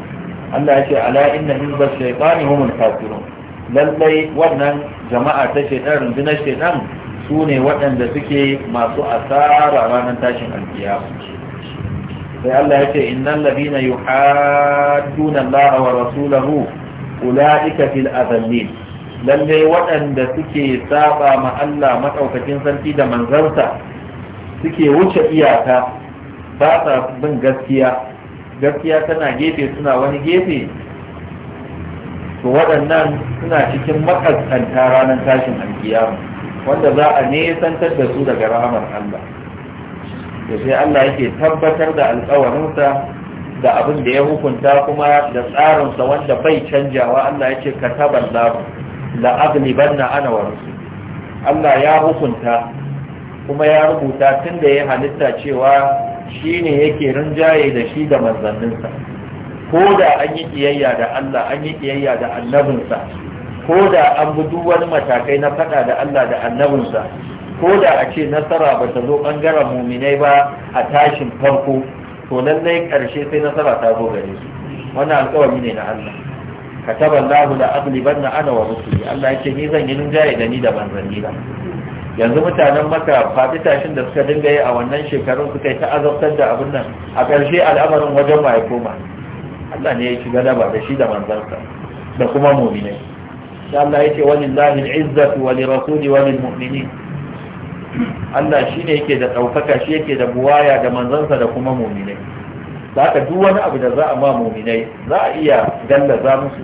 Allah ya ce ala inna hizbal shaytani humul kafirun lallai wannan jama'a ta shaytan rundunar shaytan su ne waɗanda suke masu asara ranar tashin alkiyama sai Allah ya ce innal ladina yuhadduna Allah wa rasulahu ulaika fil adallin lallai waɗanda suke saba ma Allah madaukakin sarki da manzansa suke wuce iyaka ba sa bin gaskiya gaskiya tana gefe suna wani gefe to waɗannan suna cikin makaskanta ranar tashin alkiyama wanda za a nesantar da su daga rahamar Allah da sai Allah yake tabbatar da alkawarinsa da abin da ya hukunta kuma da tsarinsa wanda bai canjawa Allah ya ce ka taban labu la'aglibanna ana anawarsu Allah ya hukunta kuma ya rubuta tun da ya halitta cewa shi ne yake rinjaye da shi da manzanninsa ko da an yi ƙiyayya da Allah an yi ƙiyayya da annabinsa ko da an bi duk wani matakai na faɗa da Allah da annabinsa ko da a ce nasara ba ta zo ɓangaren muminai ba a tashin farko to lallai ƙarshe sai nasara ta zo gare su wannan alƙawari ne na Allah kataballahu la na ana wa rusuli Allah yake ni zan yi rinjaye da ni da manzanni ba yanzu mutanen maka faɗi tashin da suka dinga yi a wannan shekarun suka yi ta azabtar da abin nan a ƙarshe al'amarin wajen ma ya koma Allah ne ya shiga daba da shi da manzansa da kuma mu'minai sai Allah ya ce wani lahin izzatu wani rasuli wani mumini Allah shi ne yake da ɗaukaka shi yake da buwaya da manzansa da kuma mu'minai za ka duk wani abu da za a ma mu'minai za a iya gallaza musu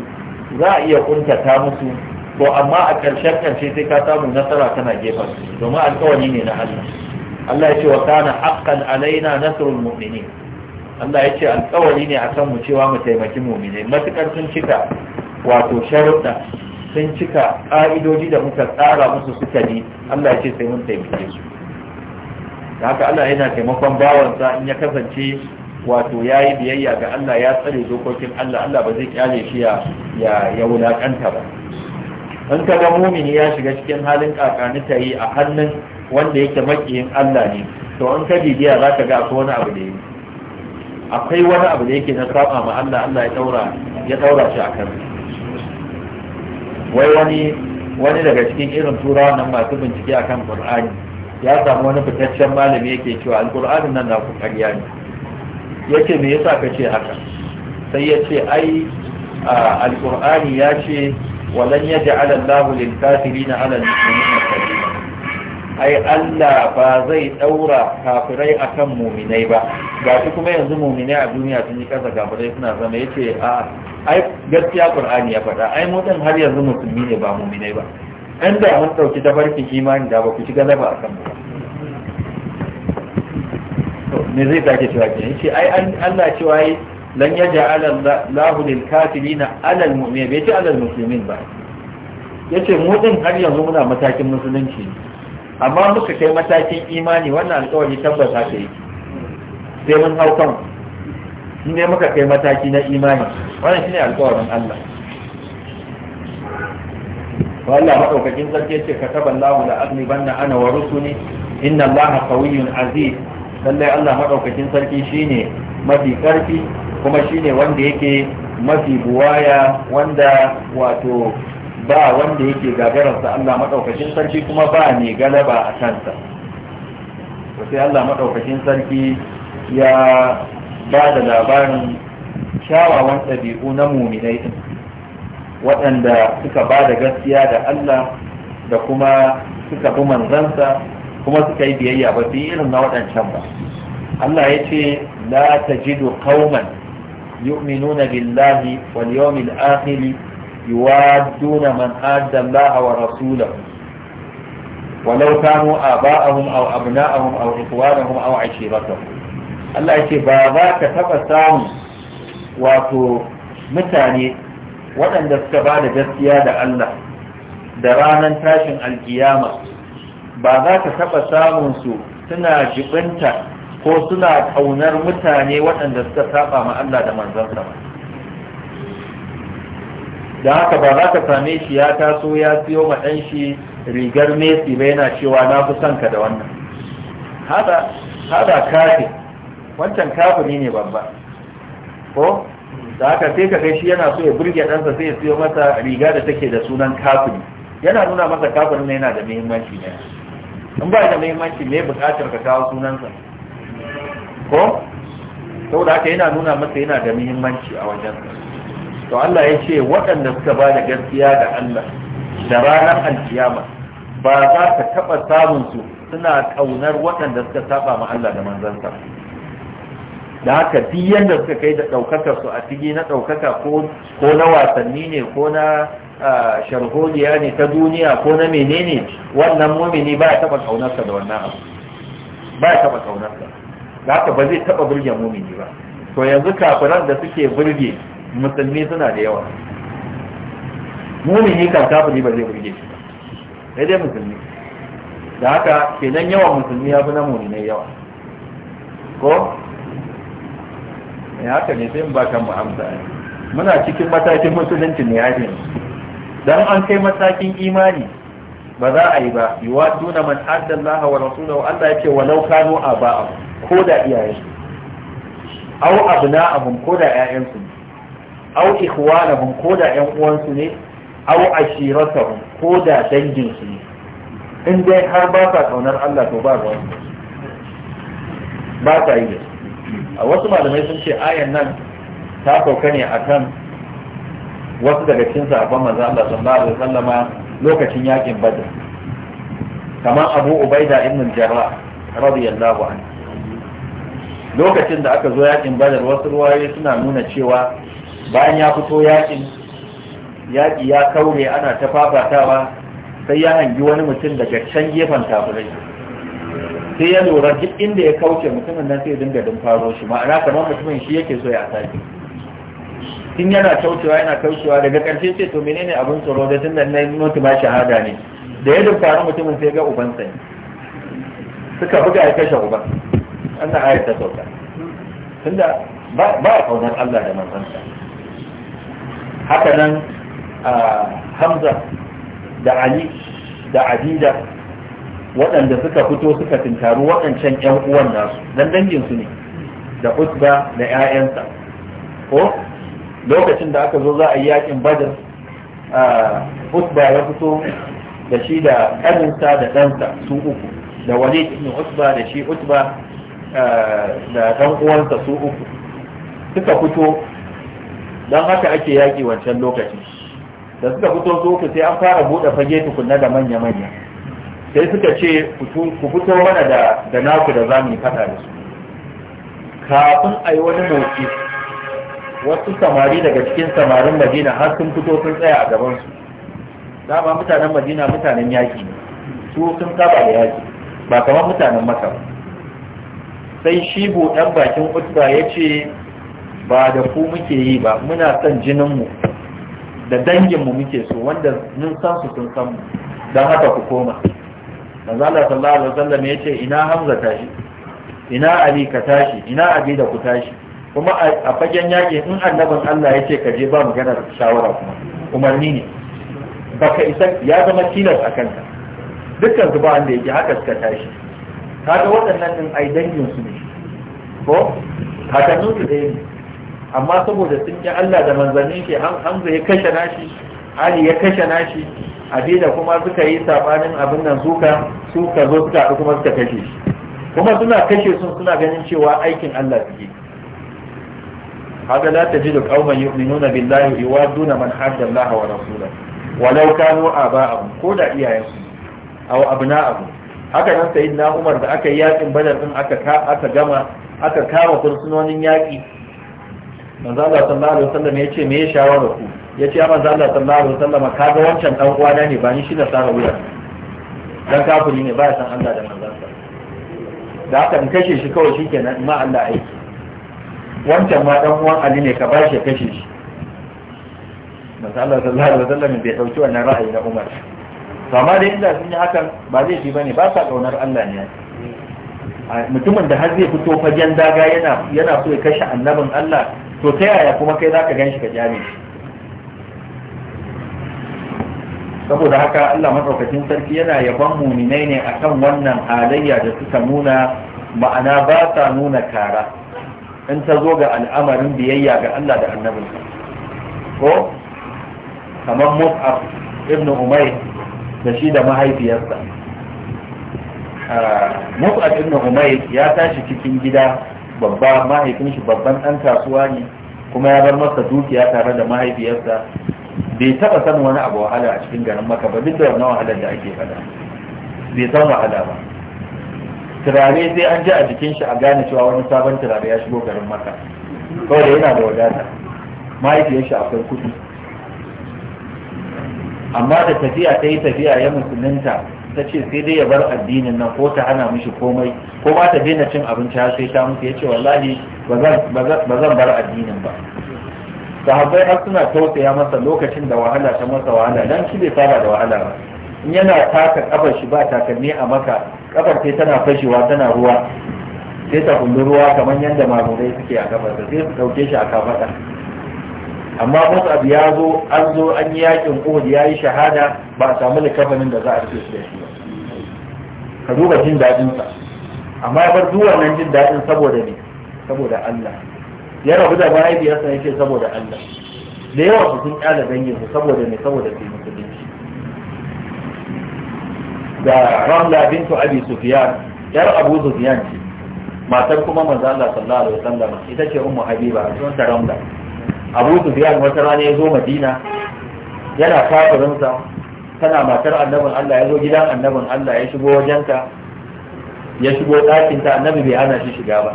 za a iya kuntata musu to amma a ƙarshen ƙarshe sai ka samu nasara tana gefen domin alƙawari ne na Allah Allah ya ce wa kana haqqan alaina nasrul mu'minin Allah ya ce alƙawari ne akan mu cewa mu taimaki mu'minai matukar sun cika wato sharuɗa sun cika ƙa'idoji da muka tsara musu suka bi Allah ya ce sai mun taimake su haka Allah yana taimakon bawansa in ya kasance wato ya yi biyayya ga Allah ya tsare dokokin Allah Allah ba zai kyale shi ya ya wulaƙanta ba in ka ga mumini ya shiga cikin halin kakani ta yi a hannun wanda yake makiyin Allah ne to in ka bibiya za ka ga akwai wani abu da yi akwai wani abu da yake na saba ma Allah Allah ya daura ya daura shi akan wai wani wani daga cikin irin turawa nan masu bincike akan Qur'ani ya samu wani fitaccen malami yake cewa alqur'anin nan na ku ƙarya ne yake me yasa ka ce haka sai ya ce ai alqur'ani ya ce walan yaj'al Allahu lil kafirina 'ala al-mu'minina sabila ai Allah ba zai daura kafirai akan mu'minai ba gashi kuma yanzu mu'minai a duniya sun yi kasa kafirai suna zama yace a ai gaskiya Qur'ani ya faɗa ai mutum har yanzu musulmi ne ba mu'minai ba an da mun dauki tabarkin imani da ba ku ci galaba akan mu ne zai take cewa ke ce ai Allah cewa lan yaj'ala Allahu lil kafirina alal mu'min bai ce alal muslimin ba yace mu din har yanzu muna matakin musulunci amma muka kai matakin imani wannan alƙawari tabbas haka yake sai mun hau kan in ne muka kai mataki na imani wannan shine alƙawarin Allah wallah madaukakin sarki yace kataba Allahu la aghlibanna ana wa rusuli inna Allaha qawiyyun aziz lallai Allah madaukakin sarki shine mafi karfi kuma shine wanda yake mafi buwaya wanda wato ba wanda yake gagararsa Allah maɗaukacin sarki kuma ba ne galaba a kansa sai Allah maɗaukacin sarki ya ba da labarin kyawawan ɗabi'u na muminai ɗin waɗanda suka ba da gaskiya da Allah da kuma suka bi manzansa kuma suka yi biyayya ba irin na waɗancan ba Allah ya ce la tajidu qauman يؤمنون بالله واليوم الآخر يوادون من آد الله ورسوله ولو كانوا آباءهم أو أبناءهم أو إخوانهم أو عشيرتهم الله يقول بابا كتب سامي واتو mutane waɗanda suka ba da gaskiya da Allah da ranar tashin alkiyama ba za ka taɓa samunsu suna jibinta ko suna ƙaunar mutane waɗanda suka saba ma Allah da manzansa ba da haka ba za ka same shi ya taso ya siyo ma ɗan shi rigar Messi ba yana cewa na fi son ka da wannan hada hada kafin wancan kafiri ne babba ko da haka sai ka kai shi yana so ya burge ɗansa sai ya siyo masa riga da take da sunan kafiri yana nuna masa kafirin ne yana da muhimmanci ne in ba da muhimmanci me bukatar ka kawo sunansa ko saboda haka yana nuna masa yana da muhimmanci a wajen to Allah ya ce waɗanda suka ba da gaskiya da Allah da ranar alkiyama ba za ka taɓa samun su suna ƙaunar waɗanda suka saba ma Allah da manzansa da haka duk da suka kai da ɗaukakar su a fili na ɗaukaka ko na wasanni ne ko na sharholiya ne ta duniya ko na menene wannan mumini ba ya taɓa ƙaunarsa da wannan abu ba ya taɓa ƙaunarsa da haka ba zai taba burge mumini ba to yanzu kafiran da suke burge musulmi suna da yawa mumini kan kafiri ba zai burge shi ba dai musulmi da haka kenan yawan musulmi ya fi na muminai yawa ko ya haka ne sai ba kan mu ne. muna cikin matakin musulunci ne ya dan an kai matakin imani ba za a yi ba yuwa duna man addallaha wa rasulahu Allah yake walau kanu aba'ahum ko da iyayensu au abna'ahum ko da ƴaƴansu ne au ikhwanahum ko da ƴan uwansu ne au ashiratahum ko da danginsu ne in dai har ba sa kaunar Allah to ba ruwan ba sa yi da a wasu malamai sun ce ayan nan ta sauka ne a kan wasu daga cikin sahabban manzo Allah sallallahu alaihi wasallama lokacin yakin badr kamar Abu Ubaida ibn Jarrah radiyallahu anhu lokacin da aka zo yakin badar wasu ruwaye suna nuna cewa bayan ya fito yakin yaƙi ya kaure ana ta fafatawa sai ya hangi wani mutum daga can gefen tafurai sai ya lura duk inda ya kauce mutumin nan sai dinga din faro shi ma'ana kamar mutumin shi yake so ya sake tun yana kaucewa yana kaucewa daga ƙarshe sai to menene abin tsoro da tun da na mutu ba shahada ne da ya dumfari mutumin sai ga ubansa ne suka buga ya kashe uban wannan ayar ta sauka tunda ba a kaunar Allah da manzansa haka nan Hamza da Ali da Adida waɗanda suka fito suka tintaru waɗancan ƴan uwan nasu dan dangin su ne da Utba da ƴaƴansa ko lokacin da aka zo za a yi yakin Badr Utba ya fito da shi da ƙaninsa da ɗansa su uku da Walid ibn Utba da shi Utba Eh, da dan uwansa su uku suka fito dan haka ake yaki wancan lokaci da suka fito su uku sai an fara bude fage tukunna da manya manya sai suka ce ku fito mana da da naku da zamu fada da su kafin a yi wani motsi wasu samari daga cikin samarin madina har sun fito sun tsaya a gabansu dama mutanen madina mutanen yaƙi ne su sun saba da yaƙi ba kamar mutanen ba. sai shi buɗan bakin utba ya ce ba da ku muke yi ba muna son jininmu da danginmu muke so wanda mun san su sun san mu don haka ku koma manzala sallallahu alaihi wasallam ya ce ina hamza tashi ina ali ka tashi ina abi da ku tashi kuma a fagen yaƙi in annabin Allah ya ce ka je ba magana shawara kuma umarni ne baka isa ya zama tilas a kanka dukkan su ba wanda yake haka suka tashi kaga waɗannan din ai dangin su ne ko kakannin su ɗaya ne amma saboda sun ki Allah da manzannin shi Hamza ya kashe nashi Ali ya kashe nashi abinda kuma suka yi sabanin abin nan suka suka zo suka haɗu kuma suka kashe shi kuma suna kashe sun suna ganin cewa aikin Allah suke haka la tajidu qauman yu'minuna billahi yuwadduna man hadda Allah wa rasulahu walau kanu aba'ahum ko da iyayensu aw abna'ahum haka nan sai na umar da aka yi yakin badar din aka aka gama aka kama fursunonin yaki manzo Allah sallallahu alaihi wasallam ya ce me ya shawara ku ya ce manzo Allah sallallahu alaihi wasallam ka ga wancan dan uwana ne ba ni shi na sara wuya dan kafiri ne ba ya san Allah da manzo da haka in kashe shi kawai shikenan ma Allah aiki wancan ma dan uwan Ali ne ka ba shi kashe shi manzo Allah sallallahu alaihi wasallam bai dauki wannan ra'ayi na Umar amma da inda sun yi hakan ba zai fi bane ba sa kaunar Allah ne mutumin da har zai fito fagen daga yana yana so ya kashe annabin Allah to ta yaya kuma kai zaka ganshi ka jami shi saboda haka Allah madaukakin sarki yana yaban muminai ne akan wannan halayya da suka nuna ma'ana ba sa nuna kara in ta zo ga al'amarin biyayya ga Allah da annabinsa ko kamar Mus'ab ibn Umayr da shi da mahaifiyarsa Mus'ab ibn Umayr ya tashi cikin gida babba mahaifin shi babban ɗan kasuwa ne kuma ya bar masa dukiya tare da mahaifiyarsa bai taba san wani abu wahala a cikin garin maka ba duk da wannan wahalar da ake fada bai san wahala ba turare sai an ji a jikin shi a gane cewa wani sabon turare ya shigo garin maka kawai yana da wadata mahaifiyar shi akwai kudi amma da tafiya ta yi tafiya ya musulunta ta ce sai dai ya bar addinin nan ko ta hana mishi komai ko ba ta daina cin abinci har sai ta mutu ya ce wallahi ba zan bar addinin ba sahabbai har suna tausaya masa lokacin da wahala ta masa wahala dan shi bai saba da wahala ba in yana taka kafar shi ba takalmi a maka kafar sai tana fashewa tana ruwa sai ta kullu ruwa kamar yadda mamurai suke a kafar sai su dauke shi a kafaɗa. amma musab ya zo an zo an yi yakin uhud ya yi shahada ba a samu likafanin da za a rufe shi da shi ba ka duba jin daɗinsa amma ya bar duk wannan jin daɗin saboda ne saboda Allah ya rabu da mahaifiyarsa ya ce saboda Allah da yawa su sun kyala danginsu saboda ne saboda su musulunci da ramla bintu abi sufyan yar abu sufyan ce matar kuma manzo Allah sallallahu alaihi wasallam ita ce ummu habiba sunan ramla abu sufyan wata rana ya zo madina yana kafirinsa tana matar annabin allah ya zo gidan annabin allah ya shigo wajenta ya shigo ɗakinta annabi bai hana shi shiga ba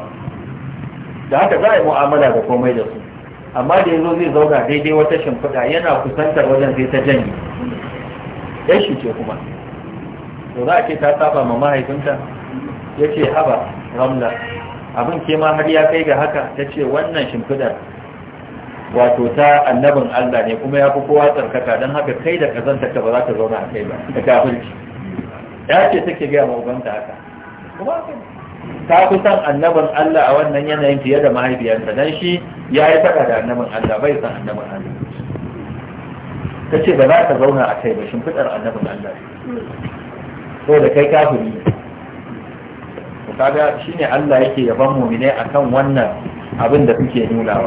da haka za a yi mu'amala da komai da su amma da ya zo zai zauna daidai wata shimfiɗa yana kusantar wajen sai ta janye ya shi ce kuma to za a ce ta saba ma mahaifinta ya ce haba ramla abin ke ma har ya kai ga haka ta ce wannan shimfiɗar wato ta annabin Allah ne kuma ya fi kowa tsarkaka don haka kai da kazanta ka ba za ta zauna a kai ba da kafirci ya ce take gaya ma ubanta haka kuma ta fi san annabin Allah a wannan yanayin fiye da mahaifiyarta don shi ya yi faɗa da annabin Allah bai san annabin Allah ta ce ba za ta zauna a kai ba shimfiɗar annabin Allah ko da kai kafiri ne kaga shine Allah yake yaban mu'mine akan wannan abin da suke nunawa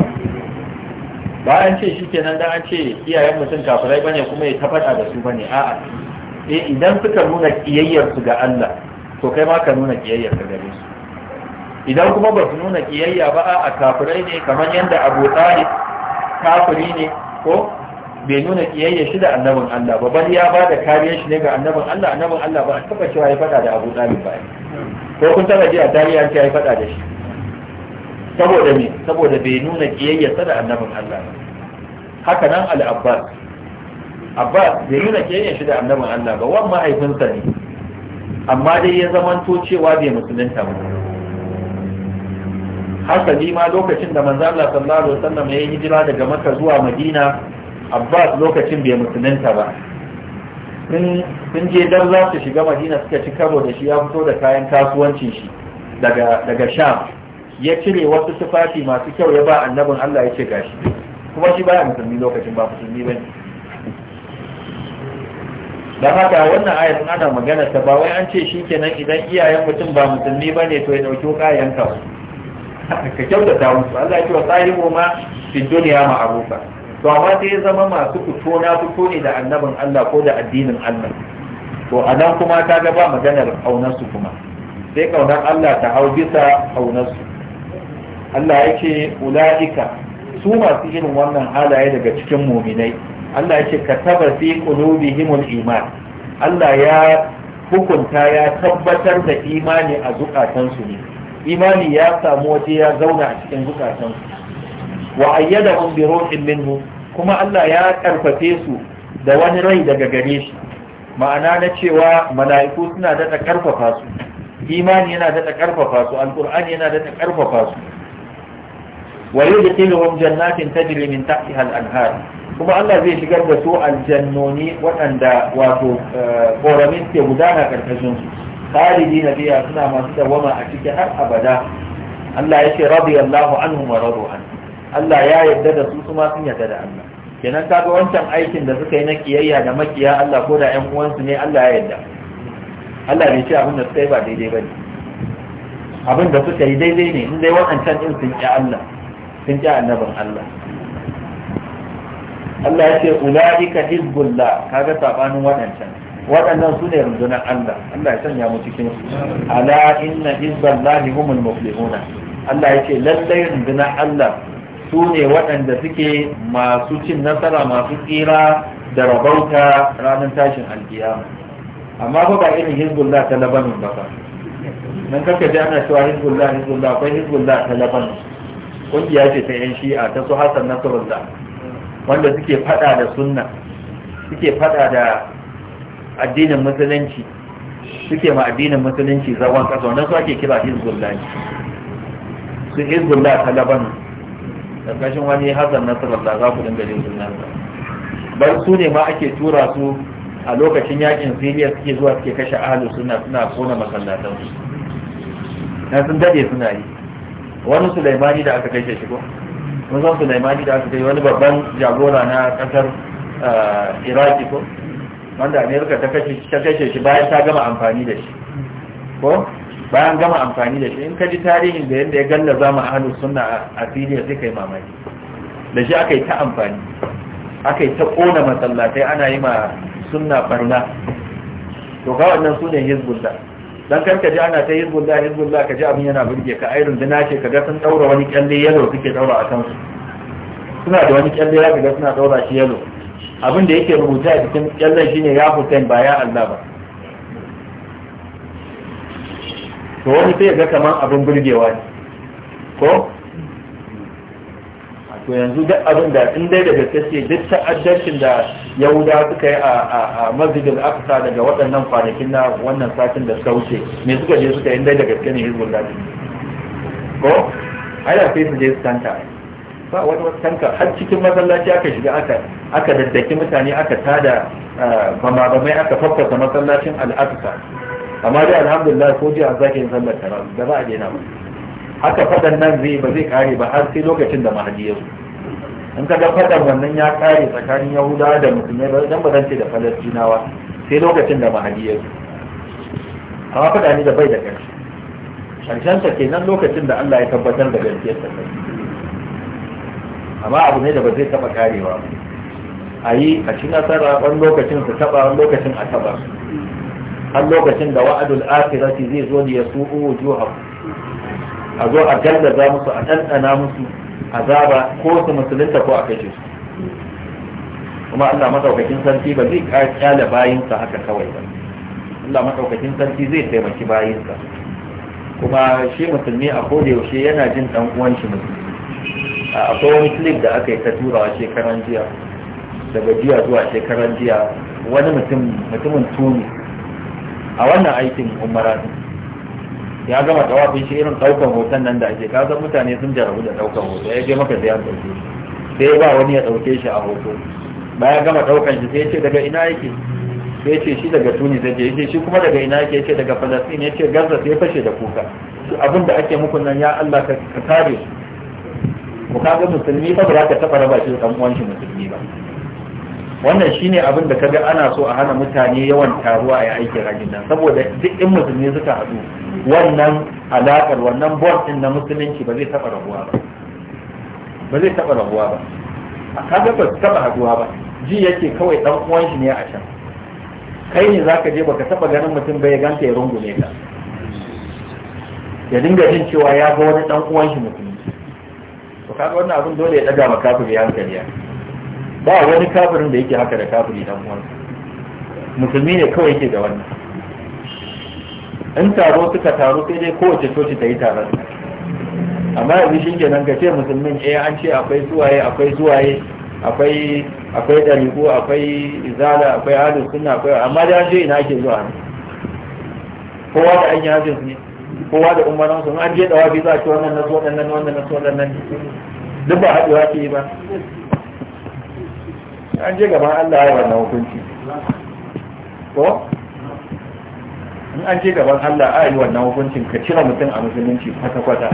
bayan ce shi kenan dan an ce iyayen mutum kafirai bane kuma ya tafada da su bane a'a eh idan suka nuna kiyayyar su ga Allah to kai ma ka nuna kiyayyar ka gare su idan kuma ba su nuna kiyayya ba a kafirai ne kamar yadda Abu Talib kafiri ne ko bai nuna kiyayya shi da annabin Allah ba bal ya ba da kariyar shi ne ga annabin Allah annabin Allah ba a taba cewa ya fada da Abu Talib ba ko kun taba ji a dariya an ce ya fada da shi saboda ne, saboda bai nuna kiyayyarsa da annabin Allah haka nan al-abbas abbas bai nuna kiyayyar shi da annabin Allah ba wan mahaifinsa ne amma dai ya zamanto cewa bai musulunta ba hasali ma lokacin da manzo Allah sallallahu alaihi wasallam ya yi hijira daga Makka zuwa Madina abbas lokacin bai musulunta ba sun je dar za su shiga madina suka ci karo da shi ya fito da kayan kasuwancin shi daga sham ya cire wasu tufafi masu kyau ya ba annabin Allah ya ce gashi kuma shi baya musulmi lokacin ba musulmi bane da haka wannan ayatun ana magana ta ba wai an ce shi kenan idan iyayen mutum ba musulmi ba ne to ya ɗauki wuka yanka ka kyau ta musu Allah ya ce wa sahibu ma fi duniya ma'arufa to amma sai ya zama masu fito na fito ne da annabin Allah ko da addinin Allah to a nan kuma ta ga ba maganar kaunar su kuma sai kaunar Allah ta hau bisa kaunar su Allah ya ce ula'ika su masu irin wannan halaye daga cikin muminai Allah ya ce ka taba fi qulubihimul iman Allah ya hukunta ya tabbatar da imani a zukatansu ne imani ya samu waje ya zauna a cikin zukatansu wa ayyadahum bi ruhin minhu kuma Allah ya karfafe su da wani rai daga gare shi ma'ana na cewa mala'iku suna daɗa karfafa su imani yana daɗa karfafa su alƙur'ani yana daɗa karfafa su wa yudkhiluhum jannatin tajri min tahtiha al-anhar kuma Allah zai shigar da su aljannoni waɗanda wato eh, ƙoramin ke gudana ƙarƙashin su khalidi na biya suna masu dawama a cikin har abada Allah ya ce radiyallahu anhum wa rabu, an Allah ya yarda da su kuma sun yarda da Allah kenan kaga wancan aikin da suka yi na kiyayya da makiya Allah ko da 'yan uwansu ne Allah ya yarda Allah bai ce abin da suka yi ba daidai bane abin da suka yi daidai ne in dai waɗancan din sun ƙi Allah sun ji annabin Allah Allah ya ce ulaika hizbullah kaga sabanin waɗancan waɗannan su ne rundunar Allah Allah ya sanya mu cikin su ala inna hizballahi humul muflihuna Allah ya ce lallai rundunar Allah su ne waɗanda suke masu cin nasara masu tsira da rabauta ranar tashin alkiyama amma ba ba irin hizbullah ta labanin ba ba nan kaka ji ana cewa hizbullah hizbullah akwai hizbullah ta labanin kungiya ce ta yan shi'a ta su Hassan Nasrullah wanda suke fada da sunna suke fada da addinin musulunci suke ma addinin musulunci zagon kasa wanda su ake kira Hizbullah su hezbollah ta da kashin wani Hassan Nasrullah za ku dinga jin sunan bar su ne ma ake tura su a lokacin yakin siriya suke zuwa suke kashe ahlus suna kona masallatansu na sun dade suna yi wani sulaimani da aka kai shi ko mun san sulaimani da aka kai wani babban jagora na kasar eh, iraki ko wanda amerika ta kashe shi bayan ta gama amfani da shi ko bayan gama amfani da shi in ka ji tarihin da yadda ya galla zama a hannun suna a siriya sai kai mamaki da shi aka yi ta amfani aka yi ta ƙona masallatai ana yi ma suna barna to ga wannan su ne dan kan ka ji ana ta hizbullah hizbullah ka ji abin yana burge ka ai runduna ce kaga sun daura wani kyalle yalo suke daura a kansu suna da wani kyalle ya kaga suna daura shi yalo abin da yake rubuta a cikin kyalle shine ya Hussein ba ya Allah ba to wani sai ga kaman abin burgewa ne ko to yanzu duk abin da in dai da gaske ce duk ta'addancin da yahuda suka yi a mazidin aksa daga waɗannan kwanakin na wannan satin da suka wuce me suka je suka yi dai da gaske ne hezbollah ko ai da sai su je su tanka ba wani wasu tanka har cikin masallaci aka shiga aka aka daddaki mutane aka tada bama-bamai aka faffasa masallacin al'aqsa amma dai alhamdulillah ko jiya an sake yin sallar tarawih da ba a daina ba haka fadan nan zai ba zai kare ba har sai lokacin da mahadi ya zo in ka ga fadan wannan ya kare tsakanin yahudawa da musulmai ba dan ba zan ce da falastinawa sai lokacin da mahadi ya zo amma fada ne da bai da ƙarshe ƙarshen sa kenan lokacin da Allah ya tabbatar da gaskiyar sa amma abu ne da ba zai taba karewa a yi a cikin nasara wani lokacin su taba wani lokacin a taba har lokacin da wa'adul akhirati zai zo da yasu'u wujuhahum a zo a gallaza musu a ɗanɗana musu azaba ko su musulunta ko a kashe su kuma Allah madaukakin sarki ba zai kyale bayinsa haka kawai ba Allah madaukakin sarki zai taimaki bayinsa kuma shi musulmi a koda yaushe yana jin dan uwanci musulmi. A akwai wani clip da aka yi ta tura turawa shekaran jiya daga jiya zuwa shekaran jiya wani mutum mutumin tuni a wannan aikin umara ya gama tawafin shi irin daukan hoton nan da ake kaza mutane sun jarabu da daukan hoton ya je maka sai an dauke shi sai ba wani ya dauke shi a hoto baya gama daukan shi sai ya ce daga ina yake sai ya ce shi daga tuni sai ya ce shi kuma daga ina yake ya ce daga falastin ya ce gaza sai fashe da kuka abin da ake muku nan ya allah ka kare ku kaga musulmi fa ba za ka taɓa raba shi da ɗan uwan shi musulmi ba wannan shine abin da kaga ana so a hana mutane yawan taruwa a aikin rajin nan saboda duk in musulmi suka haɗu wannan alaƙar wannan bond din na musulunci ba zai taɓa rabuwa ba ba zai taɓa rabuwa ba a kaga ba su taɓa haɗuwa ba ji yake kawai ɗan uwan shi ne a can kai ne zaka je baka taɓa ganin mutum bai ganta ya rungume ka ya dinga jin cewa ya ga wani ɗan uwan shi mutum to kaga wannan abin dole ya ɗaga maka kafin ya hankali ba wani kafirin da yake haka da kafiri dan uwansa musulmi ne kawai yake da wannan in taro suka taro sai dai kowace coci ta yi taron amma yanzu shi kenan ka ce musulmin eh an ce akwai zuwaye akwai zuwaye akwai akwai ɗariƙo akwai izala akwai alu suna akwai amma da an je ina ake zuwa ne kowa da an yi hajjinsu ne kowa da umaran su an je dawa bi za a ci wannan na waɗannan wannan wannan waɗannan duk ba haɗewa ke yi ba an je gaban Allah ya wannan hukunci ko an je gaban Allah a yi wannan hukuncin ka cire mutum a musulunci kwata-kwata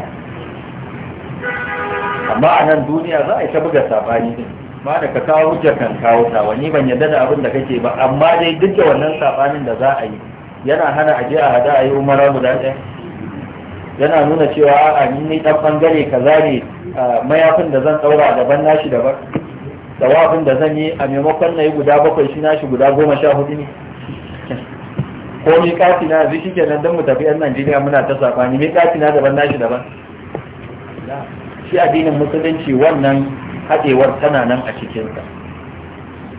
amma a nan duniya za a yi ta buga sabani din ma da ka kawo hujjar kan kawo wani ban yadda da abin da kake ba amma dai duk da wannan sabanin da za a yi yana hana a je a hada a yi umara guda ɗaya yana nuna cewa a ni ne ɗan ɓangare kaza ne mayafin da zan ɗaura daban nashi daban tawafin da zan yi a maimakon na yi guda bakwai shi nashi guda goma sha hudu ne ko kafi na yanzu shike nan don mu tafi yan najeriya muna ta mi kafi na daban nashi daban shi addinin musulunci wannan haɗewar tana nan a cikinsa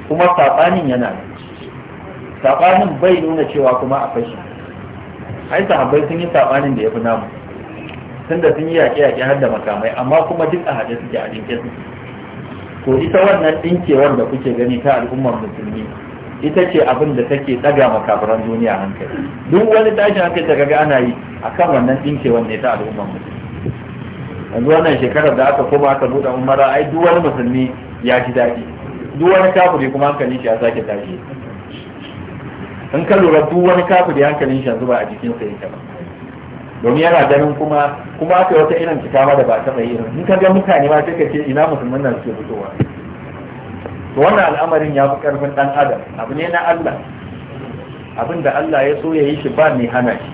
kuma saɓanin yana nan saɓanin bai nuna cewa kuma a fashi ai sahabbai sun yi saɓanin da ya fi namu tunda sun yi yaƙe-yaƙe har da makamai amma kuma duk a haɗe suke a jinkin to ita wannan ɗinkewar da kuke gani ta al'ummar musulmi ita ce abin da take ɗaga makabaran duniya hankali duk wani tashin hankali da kaga ana yi akan wannan ɗinkewar ne ta al'ummar musulmi yanzu wannan shekarar da aka koma aka buɗe umara ai duk wani musulmi ya ji daɗi duk wani kafiri kuma hankalin shi ya sake tashi in ka lura duk wani kafiri hankalin shi yanzu ba a jikinsa yake ba domin yana ganin kuma kuma aka wata irin fita ma da ba ta yi in ka ga mutane ma sai ka ce ina musulmin nan suke fitowa to wannan al'amarin ya fi karfin ɗan adam abu ne na Allah abin da Allah ya so ya yi shi ba mai hana shi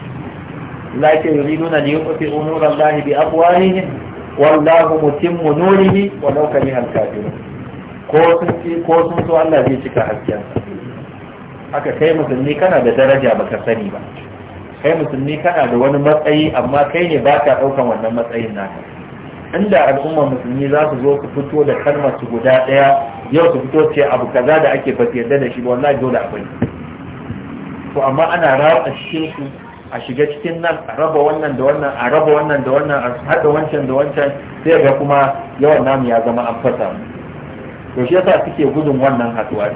lakin yuriduna li yuqfi'u nura Allah bi afwahihim wallahu mutimmu nurihi wa law kariha al ko sun ci ko sun so Allah zai cika hasken Aka kai musulmi kana da daraja baka sani ba kai musulmi kana da wani matsayi amma kai ne ba ka ɗaukan wannan matsayin naka inda al'ummar musulmi za su zo su fito da kalmar su guda ɗaya yau su fito ce abu kaza da ake ba yarda da shi wallahi dole akwai to amma ana rawa cikin su a shiga cikin nan a raba wannan da wannan a raba wannan da wannan a haɗa wancan da wancan sai ga kuma yawan namu ya zama an fasa to shi yasa suke gudun wannan haɗuwa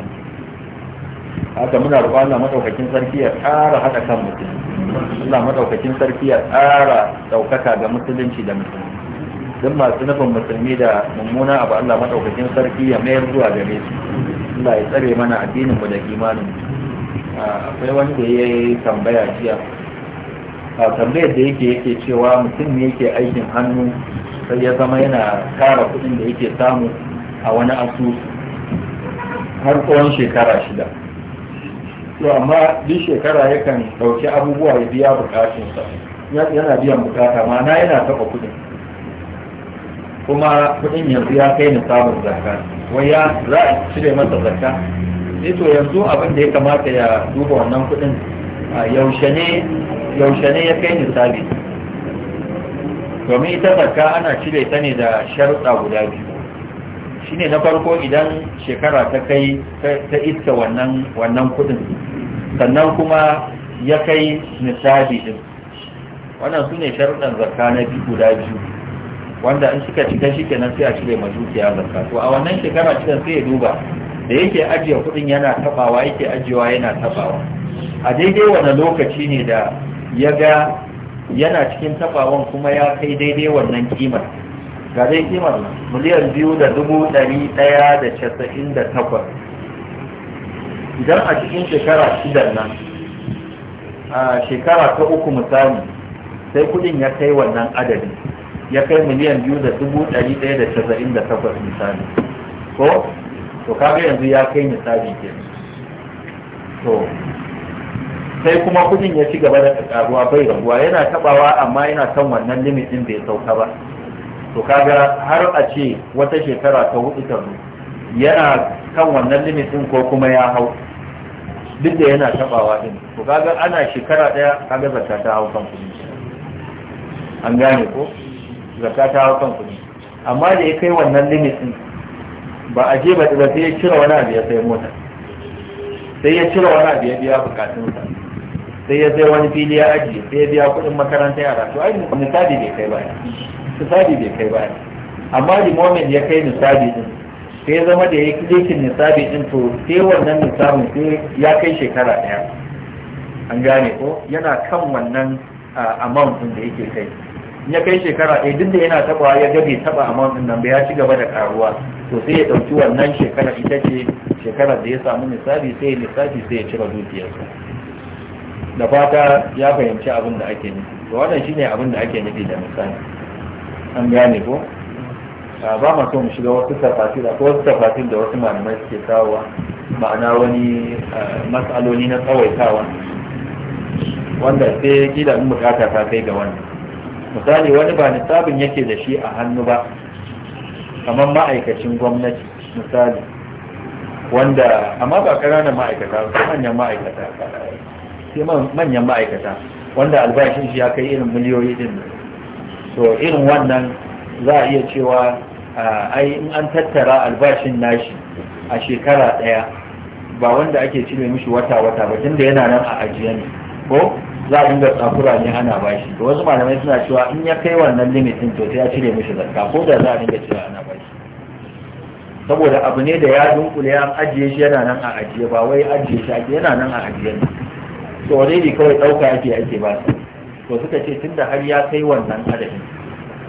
haka muna roƙon Allah madaukakin sarki ya ƙara haɗa kan mutum Allah madaukakin sarki ya tsara daukaka ga musulunci da musulmi duk masu nufin musulmi da mummuna abu Allah madaukakin sarki ya mayar zuwa gare su Allah ya tsare mana addinin mu da imanin ah, akwai wanda ya yi tambaya jiya a ah, tambayar da yake yake cewa mutum ne yake aikin hannu sai ya zama yana kara kuɗin da yake samu a wani asusu har tsawon shekara shida to amma duk shekara yakan ɗauki abubuwa ya biya bukatunsa yana biyan bukata ma'ana yana taba kuɗin kuma kuɗin yanzu ya kai sabon zakka wai ya za a cire masa zakka ni eh to yanzu abin da ya kamata ya duba wannan kuɗin yaushe ne ya kai nisabi domin ita zakka ana cire ta ne da sharuɗa guda biyu Shi ne na farko idan shekara ta kai ta iska wannan kudin sannan kuma ya kai nisabi din wannan su ne sharuɗan zarka na biyu guda biyu wanda in suka cika shi kenan sai a cire mai dukiya zakka to a wannan shekara cikin sai ya duba da yake ajiye kuɗin yana tabawa yake ajiyewa yana tabawa a daidai wani lokaci ne da ya ga yana cikin tabawan kuma ya kai daidai wannan kimar ga dai kimar miliyan biyu da dubu ɗari ɗaya da casa'in da takwas idan a cikin shekara shidan nan a shekara ta uku misali sai kudin ya kai wannan adadi ya kai miliyan biyu da dubu ɗari ɗaya da casa'in da takwas misali ko to kaga yanzu ya kai misali ke to sai kuma kudin ya ci gaba da karuwa bai rabuwa yana tabawa amma yana son wannan limitin bai sauka ba to kaga har a ce wata shekara ta hudu ta zo yana kan wannan limit din ko kuma ya hau duk da yana tabawa din to kaga ana shekara daya kaga zakka ta hau kan kudi an gane ko zakka ta hau kan kudi amma da ya kai wannan limit din ba a je ba sai ya cire wani abu ya sai mota sai ya cire wani abu ya biya bukatunsa sai ya sai wani fili ya ajiye sai ya biya kuɗin makaranta yara to ai misali bai kai ba misali bai kai ba amma the moment ya kai misali din sai zama da ya klikin nisabi din to sai wannan nisabin sai ya kai shekara ɗaya an gane ko yana kan wannan amount din da yake kai ya kai shekara ɗaya duk da yana taɓa ya ga bai taɓa amount din nan ba ya ci gaba da karuwa to sai ya ɗauki wannan shekara ita ce shekarar da ya samu nisabi sai ya nisabi sai ya cire dukiyarsa da fata ya fahimci abin da ake nufi to wannan shine abin da ake nufi da misali an gane ko ba ma so mu shiga wasu tafasir akwai wasu tafasir da wasu malamai suke kawo ma'ana wani matsaloli na tsawaitawa wanda sai kila in bukata ta kai ga wannan misali wani ba nisabin yake da shi a hannu ba kamar ma'aikacin gwamnati misali wanda amma ba ƙananan ma'aikata ba manyan ma'aikata sai manyan ma'aikata wanda albashin shi ya kai irin miliyoyi din so irin wannan za a iya cewa ai in an tattara albashin nashi a shekara daya ba wanda ake cire mishi wata-wata ba tunda yana nan a ajiye ne ko za a dinga tsakura ne ana bashi to wasu malamai suna cewa in ya kai wannan limitin to sai ya cire mishi zakka ko da za a dinga cewa ana bashi saboda abu ne da ya dunkule an ajiye shi yana nan a ajiye ba wai ajiye shi yana nan a ajiye ne to wane ne kawai ɗauka ake ake ba su to suka ce tun da har ya kai wannan adadin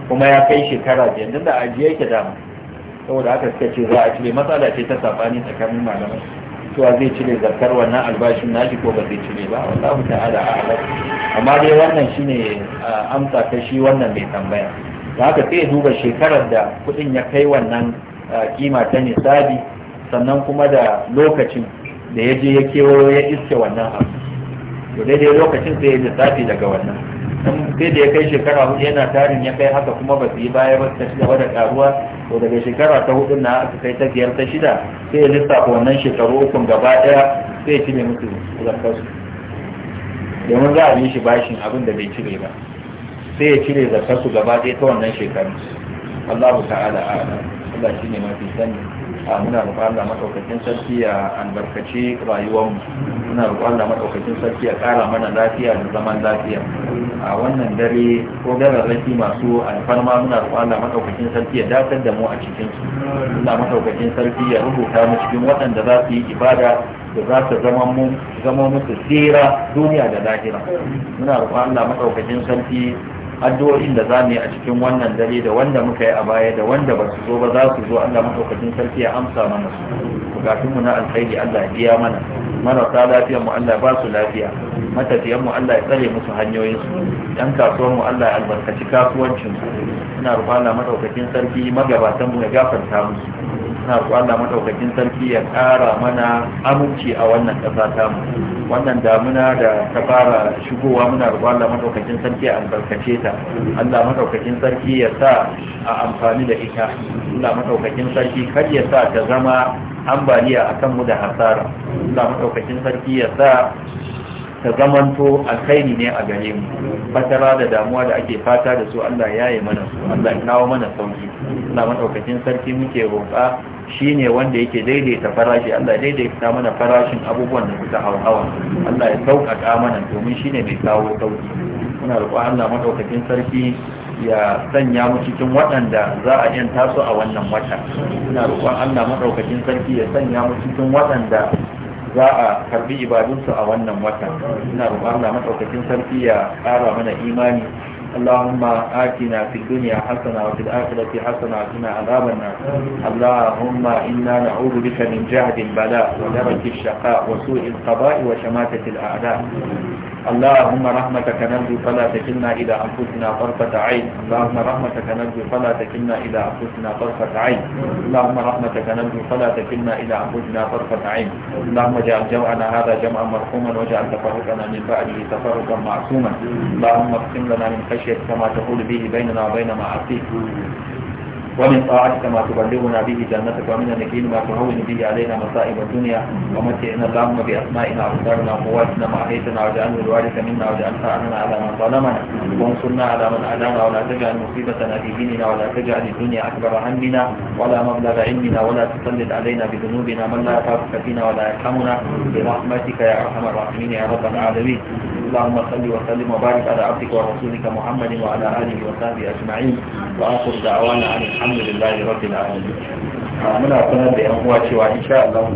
kuma ya kai shekara biyar tun da ajiye yake dama saboda haka suka ce za a cire matsala ce ta saɓani tsakanin malamai a zai cire zartar wannan albashin nashi ko ba zai cire ba wallahu ala a'lam amma dai wannan shine amsa ta shi wannan mai tambaya za haka sai duba shekarar da kuɗin ya kai wannan kima ta nisabi sannan kuma da lokacin da ya je ya kewayo ya iske wannan abu to daidai lokacin sai ya lissafi daga wannan sai da ya kai shekara hudu yana tarin ya kai haka kuma ba su yi baya ba ta gaba da karuwa to daga shekara ta hudu na aka kai ta biyar ta shida sai ya lissafa wannan shekaru ukun gaba daya sai ya cire musu zakarsu domin za a yi shi bashin abin da bai cire ba sai ya cire zakarsu gaba daya ta wannan shekaru Allah ta'ala a'ala Allah shine mafi sani a muna roƙon Allah matsaukacin sarki a albarkaci rayuwar mu muna roƙon Allah matsaukacin sarki a kara mana lafiya da zaman lafiya a wannan dare ko gara zaki masu alfarma muna roƙon Allah matsaukacin sarki ya dakar da mu a cikin su Allah sarki ya rubuta mu cikin waɗanda za su yi ibada da za su zama musu tsira duniya da lahira muna roƙon Allah matsaukacin sarki addu'o'in da za mu yi a cikin wannan dare da wanda muka yi a baya da wanda ba su zo ba za su zo Allah madaukakin sarki ya amsa mana su bukatun mu na alkhairi Allah ya biya mana marasa lafiyar mu Allah ba su lafiya matafiyan mu Allah ya tsare musu hanyoyin su yan kasuwar mu Allah ya albarkaci kasuwancin su ina roƙon madaukakin sarki magabatan mu ya gafarta musu suna roƙon Allah madaukakin sarki ya ƙara mana aminci a wannan kasa ta mu wannan damuna da ta fara shigowa muna roƙon Allah madaukakin sarki an albarkace ta Allah madaukakin sarki ya sa a amfani da ita Allah madaukakin sarki kar ya sa ta zama ambaliya akan mu da hasara Allah madaukakin sarki ya sa ta zamanto a kaini ne a gare mu fatara da damuwa da ake fata da su Allah ya yi mana su Allah ya kawo mana sauki Allah madaukakin sarki muke roƙa shine wanda yake daidaita farashi Allah daidaita mana farashin abubuwan da suka hawa Allah ya sauƙaƙa mana domin shine mai kawo sauki muna roƙon Allah madaukakin sarki ya sanya mu cikin waɗanda za a yin taso a wannan wata ina roƙon Allah madaukakin sarki ya sanya mu cikin waɗanda za a karbi ibadunsu a wannan watan ina roƙar da madaukakin sarki ya kara mana imani allahumma atina fi dunya hasana wa fil akhirati hasana wa qina adhaban allahumma inna na'udhu bika min jahdi al bala wa darakish shaqa wa su'i al qada'i a'da اللهم رحمتك نرجو فلا تكلنا إلى أنفسنا طرفة عين اللهم رحمتك نرجو فلا تكلنا إلى أنفسنا طرفة عين اللهم رحمتك نرجو فلا تكلنا إلى أنفسنا طرفة عين اللهم اجعل جمعنا هذا جمعا مرحوما واجعل تفرقنا من بعده تفرقا معصوما اللهم اقسم لنا من خشيتك ما تقول به بيننا وبين معاصيك ومن طاعتك ما تبلغنا به جنتك ومن اليقين ما تهون به علينا مصائب الدنيا ومتعنا اللهم باسمائنا وابصارنا وقواتنا ما احييتنا واجعله الوارث منا واجعل ثارنا على من ظلمنا وانصرنا على من عادانا ولا تجعل مصيبتنا في ديننا ولا تجعل الدنيا اكبر همنا ولا مبلغ علمنا ولا تسلط علينا بذنوبنا من لا يخافك فينا ولا يرحمنا برحمتك يا ارحم الراحمين يا رب العالمين اللهم صل وسلم وبارك على عبدك ورسولك محمد وعلى اله وصحبه اجمعين واخر دعوانا ان الحمد لله رب العالمين من sanar da yan uwa cewa insha Allah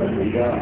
gobe ne